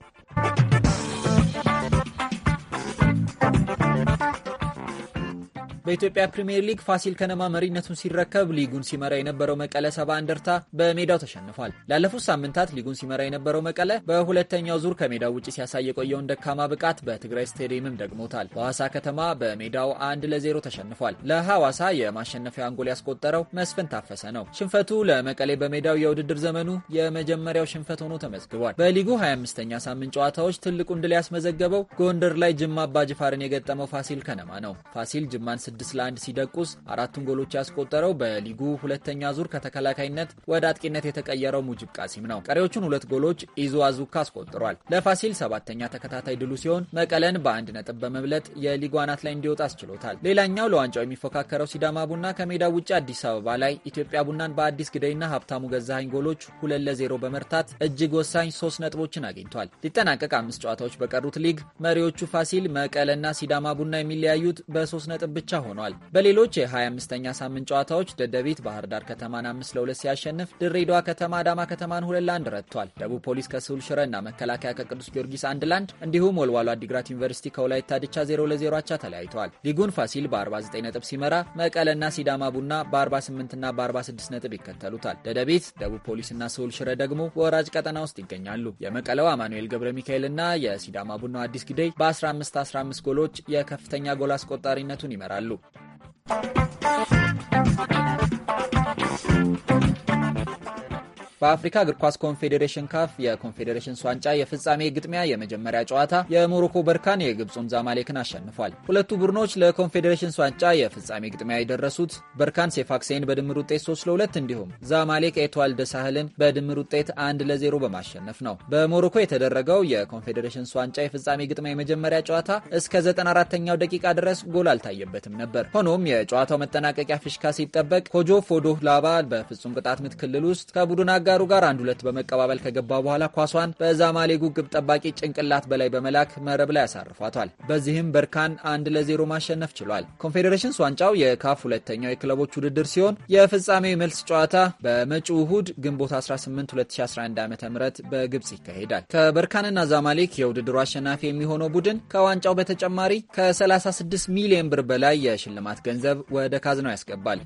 በኢትዮጵያ ፕሪምየር ሊግ ፋሲል ከነማ መሪነቱን ሲረከብ ሊጉን ሲመራ የነበረው መቀለ ሰባ እንደርታ በሜዳው ተሸንፏል። ላለፉት ሳምንታት ሊጉን ሲመራ የነበረው መቀለ በሁለተኛው ዙር ከሜዳው ውጭ ሲያሳይ የቆየውን ደካማ ብቃት በትግራይ ስቴዲየምም ደግሞታል። በሐዋሳ ከተማ በሜዳው አንድ ለዜሮ ተሸንፏል። ለሐዋሳ የማሸነፊያ አንጎል ያስቆጠረው መስፍን ታፈሰ ነው። ሽንፈቱ ለመቀሌ በሜዳው የውድድር ዘመኑ የመጀመሪያው ሽንፈት ሆኖ ተመዝግቧል። በሊጉ 25ኛ ሳምንት ጨዋታዎች ትልቁን ድል ያስመዘገበው ጎንደር ላይ ጅማ አባጅፋርን የገጠመው ፋሲል ከነማ ነው። ፋሲል ጅማን ስድስት ለአንድ ሲደቁስ አራቱን ጎሎች ያስቆጠረው በሊጉ ሁለተኛ ዙር ከተከላካይነት ወደ አጥቂነት የተቀየረው ሙጅብ ቃሲም ነው። ቀሪዎቹን ሁለት ጎሎች ኢዞ አዙካ አስቆጥሯል። ለፋሲል ሰባተኛ ተከታታይ ድሉ ሲሆን መቀለን በአንድ ነጥብ በመብለጥ የሊጉ አናት ላይ እንዲወጣ አስችሎታል። ሌላኛው ለዋንጫው የሚፎካከረው ሲዳማ ቡና ከሜዳ ውጭ አዲስ አበባ ላይ ኢትዮጵያ ቡናን በአዲስ ግደይና ሀብታሙ ገዛሀኝ ጎሎች ሁለት ለዜሮ በመርታት እጅግ ወሳኝ ሶስት ነጥቦችን አግኝቷል። ሊጠናቀቅ አምስት ጨዋታዎች በቀሩት ሊግ መሪዎቹ ፋሲል፣ መቀለና ሲዳማ ቡና የሚለያዩት በሶስት ነጥብ ብቻ ሆኗል። በሌሎች የ25ኛ ሳምንት ጨዋታዎች ደደቢት ባህር ዳር ከተማን አምስት ለሁለት ሲያሸንፍ፣ ድሬዳዋ ከተማ አዳማ ከተማን ሁለት ለአንድ ረትቷል። ደቡብ ፖሊስ ከስሁል ሽረና መከላከያ ከቅዱስ ጊዮርጊስ አንድ ለአንድ እንዲሁም ወልዋሎ አዲግራት ዩኒቨርሲቲ ከወላይታ ድቻ 0 ለ0 አቻ ተለያይተዋል። ሊጉን ፋሲል በ49 ነጥብ ሲመራ፣ መቀለና ሲዳማ ቡና በ48ና በ46 ነጥብ ይከተሉታል። ደደቢት፣ ደቡብ ፖሊስና ስሁል ሽረ ደግሞ በወራጅ ቀጠና ውስጥ ይገኛሉ። የመቀለው አማኑኤል ገብረ ሚካኤልና የሲዳማ ቡና አዲስ ግደይ በ1515 ጎሎች የከፍተኛ ጎል አስቆጣሪነቱን ይመራሉ። salud. በአፍሪካ እግር ኳስ ኮንፌዴሬሽን ካፍ የኮንፌዴሬሽንስ ዋንጫ የፍጻሜ ግጥሚያ የመጀመሪያ ጨዋታ የሞሮኮ በርካን የግብፁን ዛማሌክን አሸንፏል። ሁለቱ ቡድኖች ለኮንፌዴሬሽንስ ዋንጫ የፍጻሜ ግጥሚያ የደረሱት በርካን ሴፋክሴን በድምር ውጤት 3 ለ2 እንዲሁም ዛማሌክ ኤቷል ደሳህልን በድምር ውጤት 1 ለ0 በማሸነፍ ነው። በሞሮኮ የተደረገው የኮንፌዴሬሽንስ ዋንጫ የፍጻሜ ግጥሚያ የመጀመሪያ ጨዋታ እስከ 94ኛው ደቂቃ ድረስ ጎል አልታየበትም ነበር። ሆኖም የጨዋታው መጠናቀቂያ ፊሽካ ሲጠበቅ ኮጆ ፎዶ ላባ በፍጹም ቅጣት ምት ክልል ውስጥ ከቡድን አጋሩ ጋር አንድ ሁለት በመቀባበል ከገባ በኋላ ኳሷን በዛማሌጉ ግብ ጠባቂ ጭንቅላት በላይ በመላክ መረብ ላይ ያሳርፏታል። በዚህም በርካን አንድ ለዜሮ ማሸነፍ ችሏል። ኮንፌዴሬሽንስ ዋንጫው የካፍ ሁለተኛው የክለቦች ውድድር ሲሆን የፍጻሜው መልስ ጨዋታ በመጪው እሁድ ግንቦት 18 2011 ዓ ም በግብፅ ይካሄዳል። ከበርካንና ዛማሌክ የውድድሩ አሸናፊ የሚሆነው ቡድን ከዋንጫው በተጨማሪ ከ36 ሚሊዮን ብር በላይ የሽልማት ገንዘብ ወደ ካዝናው ያስገባል።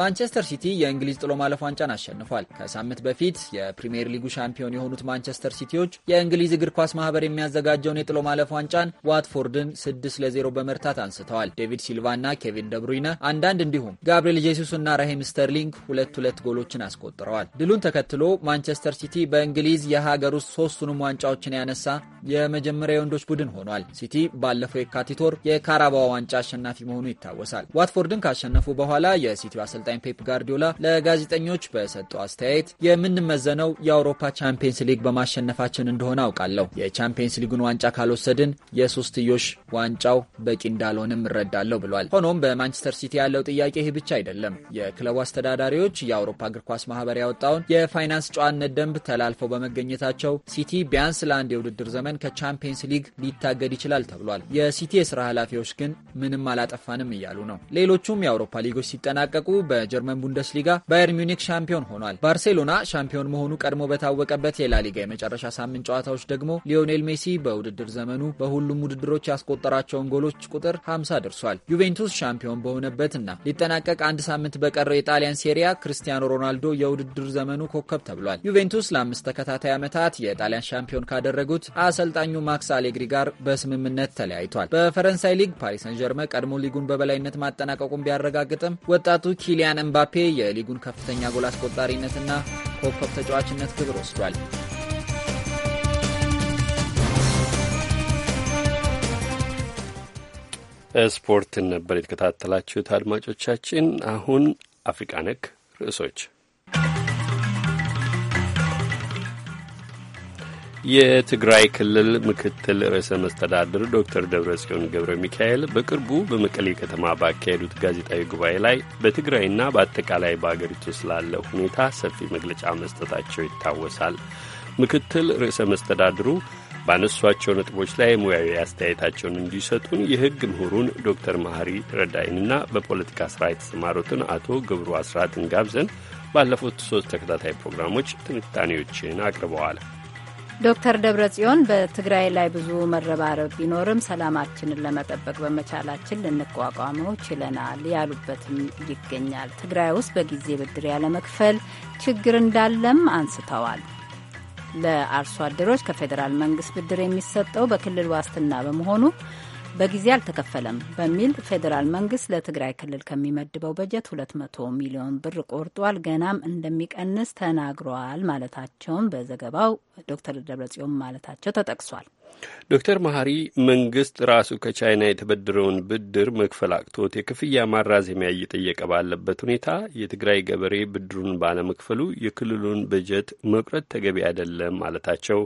ማንቸስተር ሲቲ የእንግሊዝ ጥሎ ማለፍ ዋንጫን አሸንፏል። ከሳምንት በፊት የፕሪምየር ሊጉ ሻምፒዮን የሆኑት ማንቸስተር ሲቲዎች የእንግሊዝ እግር ኳስ ማህበር የሚያዘጋጀውን የጥሎ ማለፍ ዋንጫን ዋትፎርድን 6 ለ0 በመርታት አንስተዋል። ዴቪድ ሲልቫና ኬቪን ደብሩይነ አንዳንድ እንዲሁም ጋብሪኤል ጄሱስ እና ራሂም ስተርሊንግ ሁለት ሁለት ጎሎችን አስቆጥረዋል። ድሉን ተከትሎ ማንቸስተር ሲቲ በእንግሊዝ የሀገር ውስጥ ሶስቱንም ዋንጫዎችን ያነሳ የመጀመሪያ የወንዶች ቡድን ሆኗል። ሲቲ ባለፈው የካቲት ወር የካራባዋ ዋንጫ አሸናፊ መሆኑ ይታወሳል። ዋትፎርድን ካሸነፉ በኋላ የሲቲው አሰልጣ አሰልጣኝ ፔፕ ጋርዲዮላ ለጋዜጠኞች በሰጠው አስተያየት የምንመዘነው የአውሮፓ ቻምፒየንስ ሊግ በማሸነፋችን እንደሆነ አውቃለሁ። የቻምፒየንስ ሊጉን ዋንጫ ካልወሰድን የሶስትዮሽ ዋንጫው በቂ እንዳልሆንም እረዳለሁ ብሏል። ሆኖም በማንቸስተር ሲቲ ያለው ጥያቄ ይህ ብቻ አይደለም። የክለቡ አስተዳዳሪዎች የአውሮፓ እግር ኳስ ማህበር ያወጣውን የፋይናንስ ጨዋነት ደንብ ተላልፈው በመገኘታቸው ሲቲ ቢያንስ ለአንድ የውድድር ዘመን ከቻምፒየንስ ሊግ ሊታገድ ይችላል ተብሏል። የሲቲ የስራ ኃላፊዎች ግን ምንም አላጠፋንም እያሉ ነው። ሌሎቹም የአውሮፓ ሊጎች ሲጠናቀቁ በ በጀርመን ቡንደስሊጋ ባየር ሚኒክ ሻምፒዮን ሆኗል። ባርሴሎና ሻምፒዮን መሆኑ ቀድሞ በታወቀበት የላሊጋ የመጨረሻ ሳምንት ጨዋታዎች ደግሞ ሊዮኔል ሜሲ በውድድር ዘመኑ በሁሉም ውድድሮች ያስቆጠራቸውን ጎሎች ቁጥር 50 ደርሷል። ዩቬንቱስ ሻምፒዮን በሆነበትና ሊጠናቀቅ አንድ ሳምንት በቀረው የጣሊያን ሴሪያ ክርስቲያኖ ሮናልዶ የውድድር ዘመኑ ኮከብ ተብሏል። ዩቬንቱስ ለአምስት ተከታታይ ዓመታት የጣሊያን ሻምፒዮን ካደረጉት አሰልጣኙ ማክስ አሌግሪ ጋር በስምምነት ተለያይቷል። በፈረንሳይ ሊግ ፓሪስ ሰን ቀድሞ ሊጉን በበላይነት ማጠናቀቁን ቢያረጋግጥም ወጣቱ ኪሊ ኪሊያን ኤምባፔ የሊጉን ከፍተኛ ጎል አስቆጣሪነትና ኮከብ ተጫዋችነት ክብር ወስዷል። ስፖርትን ነበር የተከታተላችሁት አድማጮቻችን። አሁን አፍሪቃ ነክ ርዕሶች የትግራይ ክልል ምክትል ርዕሰ መስተዳድር ዶክተር ደብረጽዮን ገብረ ሚካኤል በቅርቡ በመቀሌ ከተማ ባካሄዱት ጋዜጣዊ ጉባኤ ላይ በትግራይና በአጠቃላይ በአገሪቱ ስላለ ሁኔታ ሰፊ መግለጫ መስጠታቸው ይታወሳል። ምክትል ርዕሰ መስተዳድሩ ባነሷቸው ነጥቦች ላይ ሙያዊ አስተያየታቸውን እንዲሰጡን የሕግ ምሁሩን ዶክተር መሐሪ ረዳይንና በፖለቲካ ስራ የተሰማሩትን አቶ ገብሩ አስራትን ጋብዘን ባለፉት ሶስት ተከታታይ ፕሮግራሞች ትንታኔዎችን አቅርበዋል። ዶክተር ደብረ ጽዮን በትግራይ ላይ ብዙ መረባረብ ቢኖርም ሰላማችንን ለመጠበቅ በመቻላችን ልንቋቋመው ችለናል ያሉበትም ይገኛል። ትግራይ ውስጥ በጊዜ ብድር ያለመክፈል ችግር እንዳለም አንስተዋል። ለአርሶ አደሮች ከፌዴራል መንግስት ብድር የሚሰጠው በክልል ዋስትና በመሆኑ በጊዜ አልተከፈለም በሚል ፌዴራል መንግስት ለትግራይ ክልል ከሚመድበው በጀት 200 ሚሊዮን ብር ቆርጧል፣ ገናም እንደሚቀንስ ተናግሯል ማለታቸውን በዘገባው ዶክተር ደብረጽዮን ማለታቸው ተጠቅሷል። ዶክተር መሐሪ መንግስት ራሱ ከቻይና የተበደረውን ብድር መክፈል አቅቶት የክፍያ ማራዘሚያ እየጠየቀ ባለበት ሁኔታ የትግራይ ገበሬ ብድሩን ባለመክፈሉ የክልሉን በጀት መቁረጥ ተገቢ አይደለም ማለታቸው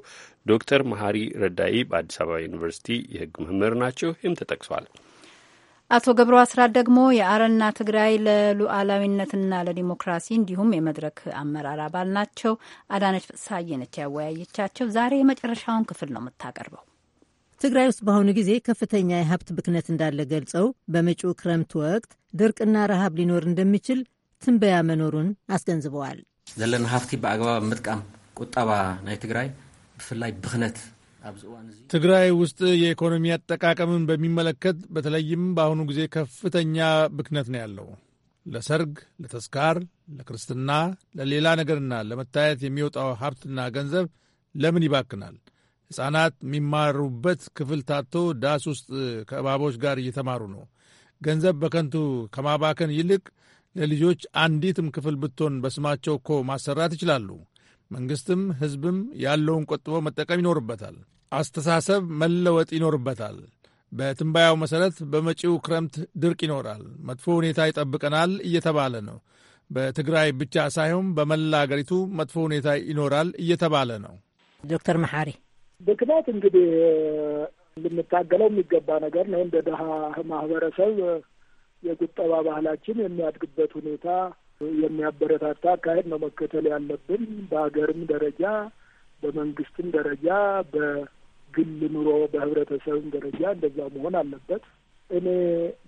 ዶክተር መሐሪ ረዳይ በአዲስ አበባ ዩኒቨርሲቲ የህግ መምህር ናቸው። ይህም ተጠቅሷል። አቶ ገብሩ አስራት ደግሞ የአረና ትግራይ ለሉዓላዊነትና ለዲሞክራሲ እንዲሁም የመድረክ አመራር አባል ናቸው። አዳነች ፍስሀዬ ነች ያወያየቻቸው። ዛሬ የመጨረሻውን ክፍል ነው የምታቀርበው። ትግራይ ውስጥ በአሁኑ ጊዜ ከፍተኛ የሀብት ብክነት እንዳለ ገልጸው በመጪው ክረምት ወቅት ድርቅና ረሃብ ሊኖር እንደሚችል ትንበያ መኖሩን አስገንዝበዋል። ዘለን ሀብቲ ብኣግባብ ምጥቃም ቁጠባ ናይ ትግራይ ብፍላይ ብክነት ትግራይ ውስጥ የኢኮኖሚ አጠቃቀምን በሚመለከት በተለይም በአሁኑ ጊዜ ከፍተኛ ብክነት ነው ያለው። ለሰርግ፣ ለተስካር፣ ለክርስትና፣ ለሌላ ነገርና ለመታየት የሚወጣው ሀብትና ገንዘብ ለምን ይባክናል? ሕፃናት የሚማሩበት ክፍል ታቶ ዳስ ውስጥ ከእባቦች ጋር እየተማሩ ነው። ገንዘብ በከንቱ ከማባከን ይልቅ ለልጆች አንዲትም ክፍል ብትሆን በስማቸው እኮ ማሰራት ይችላሉ። መንግሥትም ሕዝብም ያለውን ቆጥቦ መጠቀም ይኖርበታል። አስተሳሰብ መለወጥ ይኖርበታል። በትንባያው መሠረት በመጪው ክረምት ድርቅ ይኖራል፣ መጥፎ ሁኔታ ይጠብቀናል እየተባለ ነው። በትግራይ ብቻ ሳይሆን በመላ አገሪቱ መጥፎ ሁኔታ ይኖራል እየተባለ ነው። ዶክተር መሐሪ ብክነት እንግዲህ ልንታገለው የሚገባ ነገር ነው። እንደ ድሀ ማህበረሰብ የቁጠባ ባህላችን የሚያድግበት ሁኔታ የሚያበረታታ አካሄድ ነው መከተል ያለብን በሀገርም ደረጃ በመንግስትም ደረጃ በግል ኑሮ በህብረተሰብም ደረጃ እንደዛ መሆን አለበት። እኔ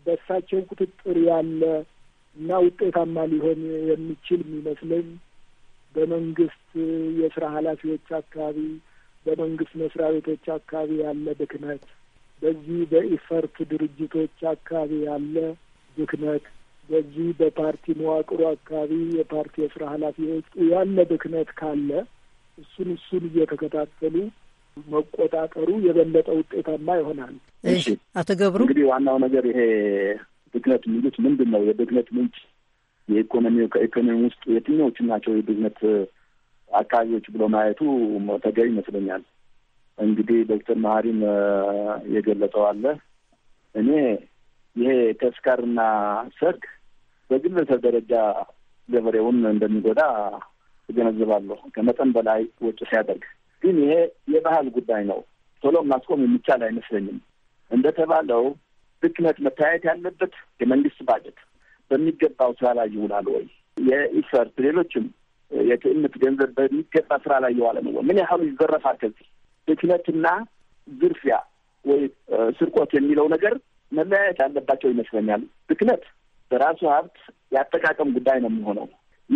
በእሳቸው ቁጥጥር ያለ እና ውጤታማ ሊሆን የሚችል የሚመስለኝ በመንግስት የስራ ኃላፊዎች አካባቢ በመንግስት መስሪያ ቤቶች አካባቢ ያለ ብክነት፣ በዚህ በኢፈርት ድርጅቶች አካባቢ ያለ ብክነት፣ በዚህ በፓርቲ መዋቅሩ አካባቢ የፓርቲ የስራ ኃላፊዎች ያለ ብክነት ካለ እሱን እሱን እየተከታተሉ መቆጣጠሩ የበለጠ ውጤታማ ይሆናል። እሺ አቶ ገብሩ እንግዲህ ዋናው ነገር ይሄ ብክነት ምንጭ ምንድን ነው? የብክነት ምንጭ የኢኮኖሚው ከኢኮኖሚ ውስጥ የትኛዎቹ ናቸው የብክነት አካባቢዎች ብሎ ማየቱ ተገቢ ይመስለኛል። እንግዲህ ዶክተር መሀሪም የገለጠው አለ። እኔ ይሄ ተስካርና ሰርግ በግለሰብ ደረጃ ገበሬውን እንደሚጎዳ እገነዘባለሁ ከመጠን በላይ ወጪ ሲያደርግ። ግን ይሄ የባህል ጉዳይ ነው። ቶሎ ማስቆም የሚቻል አይመስለኝም። እንደተባለው ብክነት መታየት ያለበት የመንግስት ባጀት በሚገባው ስራ ላይ ይውላል ወይ፣ የኢፈርት ሌሎችም የትዕምት ገንዘብ በሚገባ ስራ ላይ የዋለ ነው። ምን ያህሉ ይዘረፋል? ከዚህ ብክነትና ዝርፊያ ወይ ስርቆት የሚለው ነገር መለያየት ያለባቸው ይመስለኛል። ብክነት በራሱ ሀብት የአጠቃቀም ጉዳይ ነው የሚሆነው።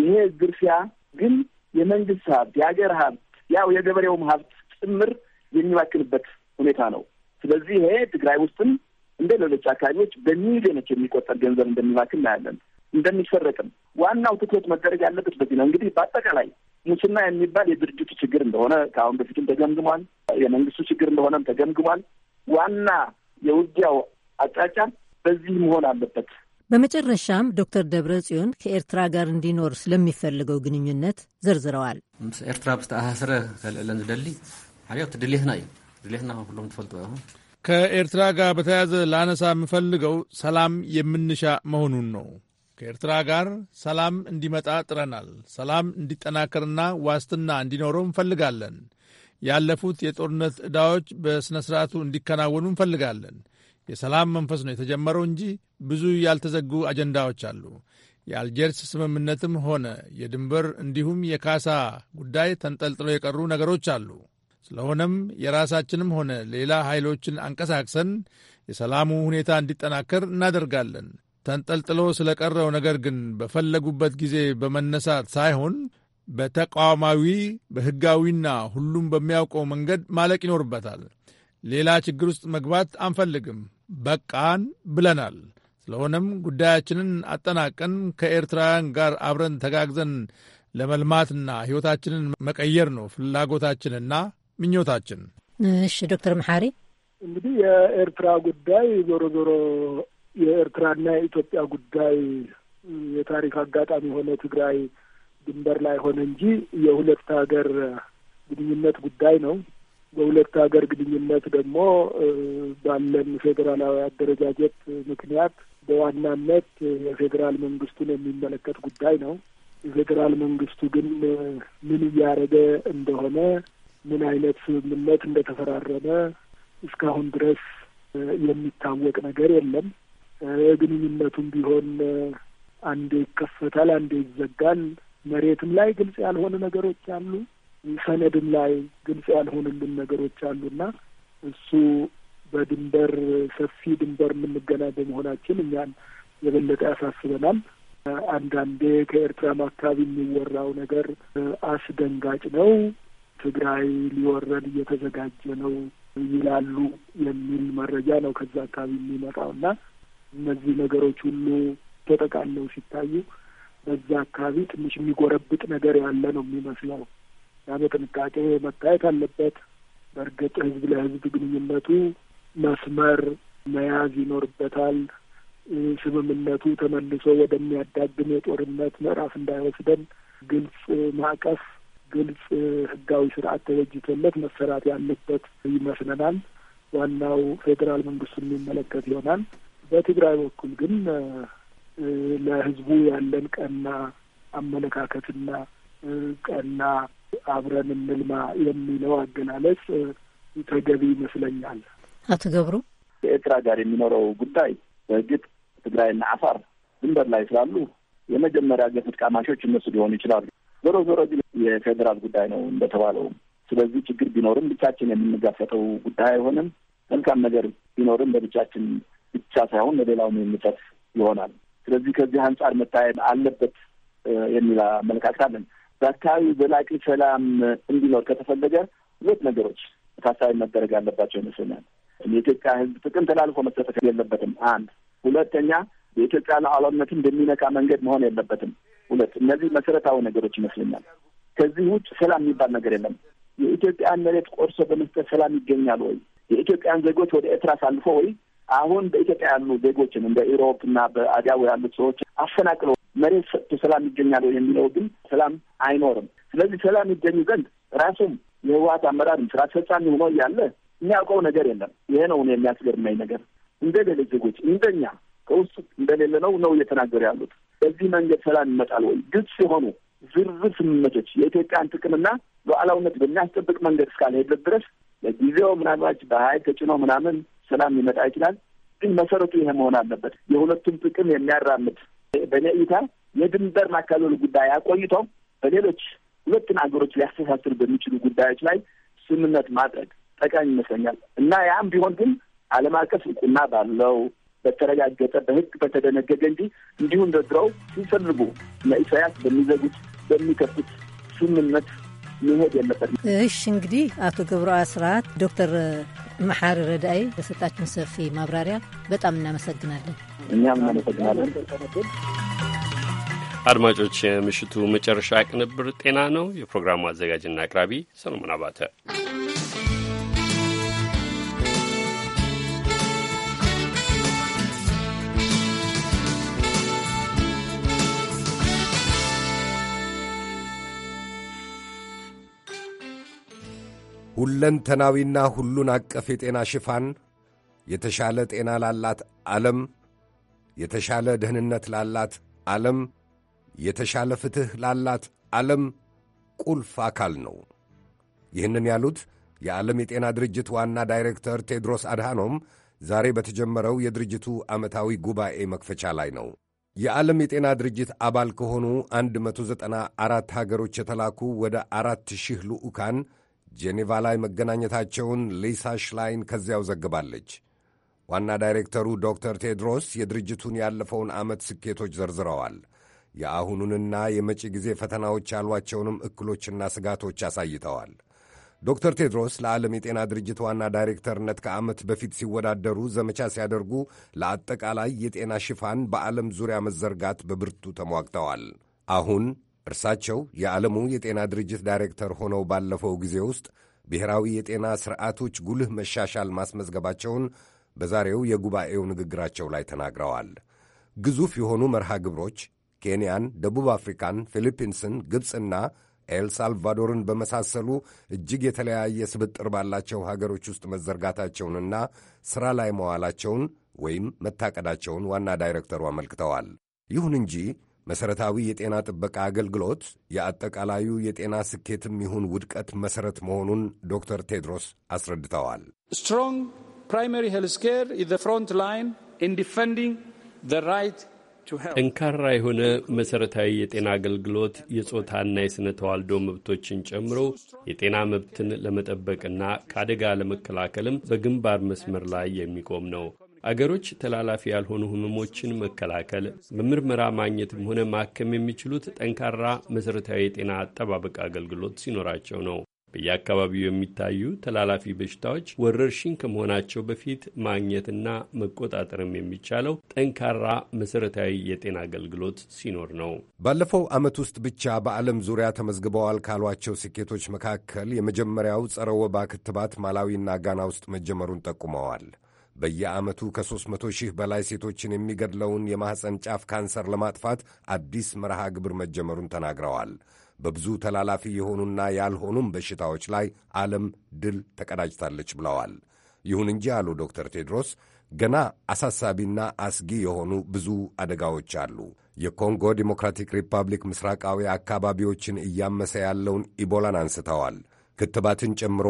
ይሄ ዝርፊያ ግን የመንግስት ሀብት፣ የሀገር ሀብት፣ ያው የገበሬውም ሀብት ጭምር የሚባክንበት ሁኔታ ነው። ስለዚህ ይሄ ትግራይ ውስጥም እንደ ሌሎች አካባቢዎች በሚሊዮኖች የሚቆጠር ገንዘብ እንደሚባክን እናያለን፣ እንደሚሰረቅም። ዋናው ትኩረት መደረግ ያለበት በዚህ ነው። እንግዲህ በአጠቃላይ ሙስና የሚባል የድርጅቱ ችግር እንደሆነ ከአሁን በፊትም ተገምግሟል። የመንግስቱ ችግር እንደሆነም ተገምግሟል። ዋና የውጊያው አቅጣጫ በዚህ መሆን አለበት። በመጨረሻም ዶክተር ደብረ ጽዮን ከኤርትራ ጋር እንዲኖር ስለሚፈልገው ግንኙነት ዘርዝረዋል። ምስ ኤርትራ ብዝተኣሳስረ ከልዕለን ዝደሊ ሓደ ድሌትና እዩ ድሌትና ኩሎም ትፈልጡ ከኤርትራ ጋር በተያያዘ ላነሳ የምፈልገው ሰላም የምንሻ መሆኑን ነው። ከኤርትራ ጋር ሰላም እንዲመጣ ጥረናል። ሰላም እንዲጠናከርና ዋስትና እንዲኖረው እንፈልጋለን። ያለፉት የጦርነት ዕዳዎች በሥነ ሥርዓቱ እንዲከናወኑ እንፈልጋለን። የሰላም መንፈስ ነው የተጀመረው እንጂ ብዙ ያልተዘጉ አጀንዳዎች አሉ። የአልጀርስ ስምምነትም ሆነ የድንበር እንዲሁም የካሳ ጉዳይ ተንጠልጥለው የቀሩ ነገሮች አሉ። ስለሆነም የራሳችንም ሆነ ሌላ ኃይሎችን አንቀሳቅሰን የሰላሙ ሁኔታ እንዲጠናከር እናደርጋለን። ተንጠልጥሎ ስለ ቀረው ነገር ግን በፈለጉበት ጊዜ በመነሳት ሳይሆን በተቋማዊ በሕጋዊና ሁሉም በሚያውቀው መንገድ ማለቅ ይኖርበታል። ሌላ ችግር ውስጥ መግባት አንፈልግም። በቃን ብለናል። ስለሆነም ጉዳያችንን አጠናቀን ከኤርትራውያን ጋር አብረን ተጋግዘን ለመልማትና ሕይወታችንን መቀየር ነው ፍላጎታችንና ምኞታችን። እሺ ዶክተር መሐሪ እንግዲህ የኤርትራ ጉዳይ ዞሮ ዞሮ የኤርትራና የኢትዮጵያ ጉዳይ የታሪክ አጋጣሚ የሆነ ትግራይ ድንበር ላይ ሆነ እንጂ የሁለት ሀገር ግንኙነት ጉዳይ ነው። በሁለት ሀገር ግንኙነት ደግሞ ባለን ፌዴራላዊ አደረጃጀት ምክንያት በዋናነት የፌዴራል መንግስቱን የሚመለከት ጉዳይ ነው። የፌዴራል መንግስቱ ግን ምን እያደረገ እንደሆነ ምን አይነት ስምምነት እንደተፈራረመ እስካሁን ድረስ የሚታወቅ ነገር የለም። ግንኙነቱም ቢሆን አንዴ ይከፈታል፣ አንዴ ይዘጋል። መሬትም ላይ ግልጽ ያልሆነ ነገሮች አሉ። ሰነድም ላይ ግልጽ ያልሆንልን ነገሮች አሉና እሱ በድንበር ሰፊ ድንበር የምንገናኝ በመሆናችን እኛን የበለጠ ያሳስበናል። አንዳንዴ ከኤርትራም አካባቢ የሚወራው ነገር አስደንጋጭ ነው። ትግራይ ሊወረድ እየተዘጋጀ ነው ይላሉ የሚል መረጃ ነው ከዛ አካባቢ የሚመጣው እና እነዚህ ነገሮች ሁሉ ተጠቃለው ሲታዩ በዛ አካባቢ ትንሽ የሚጎረብጥ ነገር ያለ ነው የሚመስለው። ያ በጥንቃቄ መታየት አለበት። በእርግጥ ህዝብ ለህዝብ ግንኙነቱ መስመር መያዝ ይኖርበታል። ስምምነቱ ተመልሶ ወደሚያዳግም የጦርነት ምዕራፍ እንዳይወስደን ግልጽ ማዕቀፍ፣ ግልጽ ህጋዊ ስርዓት ተበጅቶለት መሰራት ያለበት ይመስለናል። ዋናው ፌዴራል መንግስቱ የሚመለከት ይሆናል። በትግራይ በኩል ግን ለህዝቡ ያለን ቀና አመለካከትና ቀና አብረን እንልማ የሚለው አገላለጽ ተገቢ ይመስለኛል። አቶ ገብሩ ከኤርትራ ጋር የሚኖረው ጉዳይ በእርግጥ ትግራይና አፋር ድንበር ላይ ስላሉ የመጀመሪያ ገፈት ቀማሾች እነሱ ሊሆኑ ይችላሉ። ዞሮ ዞሮ ግን የፌዴራል ጉዳይ ነው እንደተባለው። ስለዚህ ችግር ቢኖርም ብቻችን የምንጋፈጠው ጉዳይ አይሆንም። መልካም ነገር ቢኖርም በብቻችን ብቻ ሳይሆን ለሌላውም የሚጠፍ ይሆናል። ስለዚህ ከዚህ አንጻር መታየት አለበት የሚል አመለካከት አለን። በአካባቢው ዘላቂ ሰላም እንዲኖር ከተፈለገ ሁለት ነገሮች ታሳቢ መደረግ አለባቸው ይመስለኛል። የኢትዮጵያ ሕዝብ ጥቅም ተላልፎ መሰጠት የለበትም። አንድ ሁለተኛ የኢትዮጵያ ሉዓላዊነትን በሚነካ መንገድ መሆን የለበትም። ሁለት እነዚህ መሰረታዊ ነገሮች ይመስለኛል። ከዚህ ውጭ ሰላም የሚባል ነገር የለም። የኢትዮጵያን መሬት ቆርሶ በመስጠት ሰላም ይገኛል ወይ? የኢትዮጵያን ዜጎች ወደ ኤርትራ አሳልፎ ወይ አሁን በኢትዮጵያ ያሉ ዜጎችን እንደ ኢሮፕ እና በአዳው ያሉት ሰዎች አፈናቅለው መሬት ሰጥቶ ሰላም ይገኛል የሚለው ግን ሰላም አይኖርም። ስለዚህ ሰላም ይገኙ ዘንድ ራሱም የህወሀት አመራር ስራ አስፈጻሚ ሆኖ እያለ የሚያውቀው ነገር የለም። ይሄ ነው የሚያስገርመኝ ነገር። እንደ ሌሎች ዜጎች እንደኛ ከውስጥ እንደሌለ ነው ነው እየተናገሩ ያሉት። በዚህ መንገድ ሰላም ይመጣል ወይ? ግልጽ የሆኑ ዝርዝር ስምምነቶች የኢትዮጵያን ጥቅምና ሉዓላዊነት በሚያስጠብቅ መንገድ እስካልሄደ ድረስ ለጊዜው ምናልባት በሀይል ተጭኖ ምናምን ሰላም ሊመጣ ይችላል። ግን መሰረቱ ይሄ መሆን አለበት። የሁለቱም ጥቅም የሚያራምድ በእኔ እይታ የድንበር ማካለሉ ጉዳይ አቆይቶም በሌሎች ሁለቱን ሀገሮች ሊያስተሳስር በሚችሉ ጉዳዮች ላይ ስምምነት ማድረግ ጠቃሚ ይመስለኛል እና ያም ቢሆን ግን ዓለም አቀፍ እውቅና ባለው በተረጋገጠ በሕግ በተደነገገ እንጂ እንዲሁ እንደ ድሮው ሲፈልጉ እነ ኢሳያስ በሚዘጉት በሚከፍቱት ስምምነት መሄድ የለበት። እሺ እንግዲህ አቶ ገብረ ስርዓት ዶክተር መሐሪ ረዳይ በሰጣችን ሰፊ ማብራሪያ በጣም እናመሰግናለን። እኛም እናመሰግናለን። አድማጮች፣ የምሽቱ መጨረሻ ቅንብር ጤና ነው። የፕሮግራሙ አዘጋጅና አቅራቢ ሰሎሞን አባተ ሁለንተናዊና ሁሉን አቀፍ የጤና ሽፋን፣ የተሻለ ጤና ላላት ዓለም፣ የተሻለ ደህንነት ላላት ዓለም፣ የተሻለ ፍትሕ ላላት ዓለም ቁልፍ አካል ነው። ይህንን ያሉት የዓለም የጤና ድርጅት ዋና ዳይሬክተር ቴድሮስ አድሃኖም ዛሬ በተጀመረው የድርጅቱ ዓመታዊ ጉባኤ መክፈቻ ላይ ነው። የዓለም የጤና ድርጅት አባል ከሆኑ 194 ሀገሮች የተላኩ ወደ አራት ሺህ ልዑካን ጄኔቫ ላይ መገናኘታቸውን ሊሳ ሽላይን ከዚያው ዘግባለች። ዋና ዳይሬክተሩ ዶክተር ቴድሮስ የድርጅቱን ያለፈውን ዓመት ስኬቶች ዘርዝረዋል። የአሁኑንና የመጪ ጊዜ ፈተናዎች ያሏቸውንም እክሎችና ስጋቶች አሳይተዋል። ዶክተር ቴድሮስ ለዓለም የጤና ድርጅት ዋና ዳይሬክተርነት ከዓመት በፊት ሲወዳደሩ ዘመቻ ሲያደርጉ ለአጠቃላይ የጤና ሽፋን በዓለም ዙሪያ መዘርጋት በብርቱ ተሟግተዋል። አሁን እርሳቸው የዓለሙ የጤና ድርጅት ዳይሬክተር ሆነው ባለፈው ጊዜ ውስጥ ብሔራዊ የጤና ሥርዓቶች ጉልህ መሻሻል ማስመዝገባቸውን በዛሬው የጉባኤው ንግግራቸው ላይ ተናግረዋል። ግዙፍ የሆኑ መርሃ ግብሮች ኬንያን፣ ደቡብ አፍሪካን፣ ፊሊፒንስን፣ ግብፅና ኤልሳልቫዶርን በመሳሰሉ እጅግ የተለያየ ስብጥር ባላቸው ሀገሮች ውስጥ መዘርጋታቸውንና ሥራ ላይ መዋላቸውን ወይም መታቀዳቸውን ዋና ዳይሬክተሩ አመልክተዋል። ይሁን እንጂ መሠረታዊ የጤና ጥበቃ አገልግሎት የአጠቃላዩ የጤና ስኬትም ይሁን ውድቀት መሠረት መሆኑን ዶክተር ቴድሮስ አስረድተዋል። ስትሮንግ ፕራይማሪ ሄልዝ ኬር ኢዝ ፍሮንት ላይን ኢን ዲፌንዲንግ ራይት ጠንካራ የሆነ መሠረታዊ የጤና አገልግሎት የጾታና የሥነ ተዋልዶ መብቶችን ጨምሮ የጤና መብትን ለመጠበቅና ከአደጋ ለመከላከልም በግንባር መስመር ላይ የሚቆም ነው። አገሮች ተላላፊ ያልሆኑ ህመሞችን መከላከል በምርመራ ማግኘትም ሆነ ማከም የሚችሉት ጠንካራ መሠረታዊ የጤና አጠባበቅ አገልግሎት ሲኖራቸው ነው። በየአካባቢው የሚታዩ ተላላፊ በሽታዎች ወረርሽኝ ከመሆናቸው በፊት ማግኘትና መቆጣጠርም የሚቻለው ጠንካራ መሠረታዊ የጤና አገልግሎት ሲኖር ነው። ባለፈው ዓመት ውስጥ ብቻ በዓለም ዙሪያ ተመዝግበዋል ካሏቸው ስኬቶች መካከል የመጀመሪያው ጸረ ወባ ክትባት ማላዊና ጋና ውስጥ መጀመሩን ጠቁመዋል። በየዓመቱ ከ300 ሺህ በላይ ሴቶችን የሚገድለውን የማኅፀን ጫፍ ካንሰር ለማጥፋት አዲስ መርሃ ግብር መጀመሩን ተናግረዋል። በብዙ ተላላፊ የሆኑና ያልሆኑም በሽታዎች ላይ ዓለም ድል ተቀዳጅታለች ብለዋል። ይሁን እንጂ አሉ ዶክተር ቴድሮስ ገና አሳሳቢና አስጊ የሆኑ ብዙ አደጋዎች አሉ። የኮንጎ ዲሞክራቲክ ሪፐብሊክ ምስራቃዊ አካባቢዎችን እያመሰ ያለውን ኢቦላን አንስተዋል። ክትባትን ጨምሮ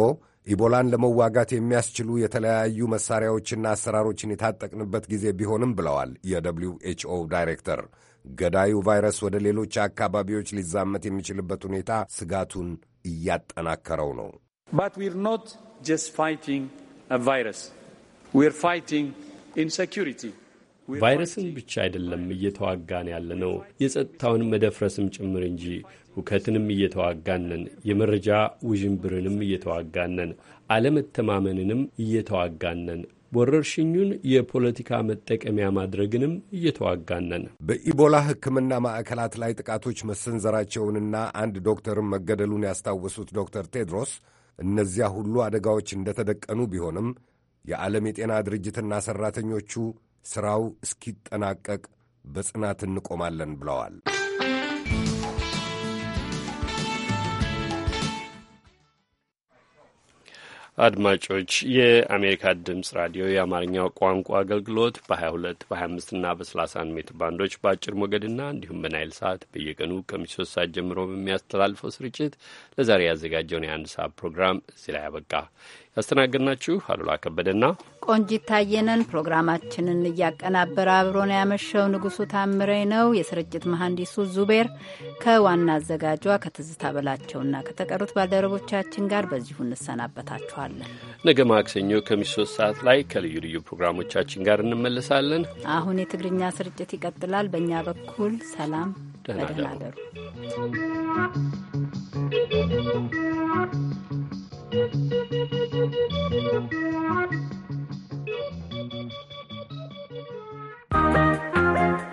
ኢቦላን ለመዋጋት የሚያስችሉ የተለያዩ መሳሪያዎችና አሰራሮችን የታጠቅንበት ጊዜ ቢሆንም ብለዋል የደብሊው ኤች ኦ ዳይሬክተር። ገዳዩ ቫይረስ ወደ ሌሎች አካባቢዎች ሊዛመት የሚችልበት ሁኔታ ስጋቱን እያጠናከረው ነው። ቫይረስን ብቻ አይደለም እየተዋጋን ነው፣ የጸጥታውን መደፍረስም ጭምር እንጂ ሁከትንም እየተዋጋነን፣ የመረጃ ውዥንብርንም እየተዋጋነን፣ አለመተማመንንም እየተዋጋነን ወረርሽኙን የፖለቲካ መጠቀሚያ ማድረግንም እየተዋጋነን። በኢቦላ ሕክምና ማዕከላት ላይ ጥቃቶች መሰንዘራቸውንና አንድ ዶክተርም መገደሉን ያስታወሱት ዶክተር ቴድሮስ እነዚያ ሁሉ አደጋዎች እንደተደቀኑ ቢሆንም የዓለም የጤና ድርጅትና ሠራተኞቹ ሥራው እስኪጠናቀቅ በጽናት እንቆማለን ብለዋል። አድማጮች የአሜሪካ ድምፅ ራዲዮ የአማርኛው ቋንቋ አገልግሎት በ22 በ25 እና በ31 ሜትር ባንዶች በአጭር ሞገድና እንዲሁም በናይል ሰዓት በየቀኑ ከምሽቱ ሶስት ሰዓት ጀምሮ በሚያስተላልፈው ስርጭት ለዛሬ ያዘጋጀውን የአንድ ሰዓት ፕሮግራም እዚህ ላይ አበቃ። ያስተናገድናችሁ አሉላ ከበደና ቆንጂት ታየነን። ፕሮግራማችንን እያቀናበረ አብሮን ያመሸው ንጉሱ ታምሬ ነው። የስርጭት መሐንዲሱ ዙቤር ከዋና አዘጋጇ ከትዝታ በላቸውና ከተቀሩት ባልደረቦቻችን ጋር በዚሁ እንሰናበታችኋለን። ነገ ማክሰኞ ከምሽቱ ሶስት ሰዓት ላይ ከልዩ ልዩ ፕሮግራሞቻችን ጋር እንመለሳለን። አሁን የትግርኛ ስርጭት ይቀጥላል። በእኛ በኩል ሰላም፣ በደህና you. Thank you.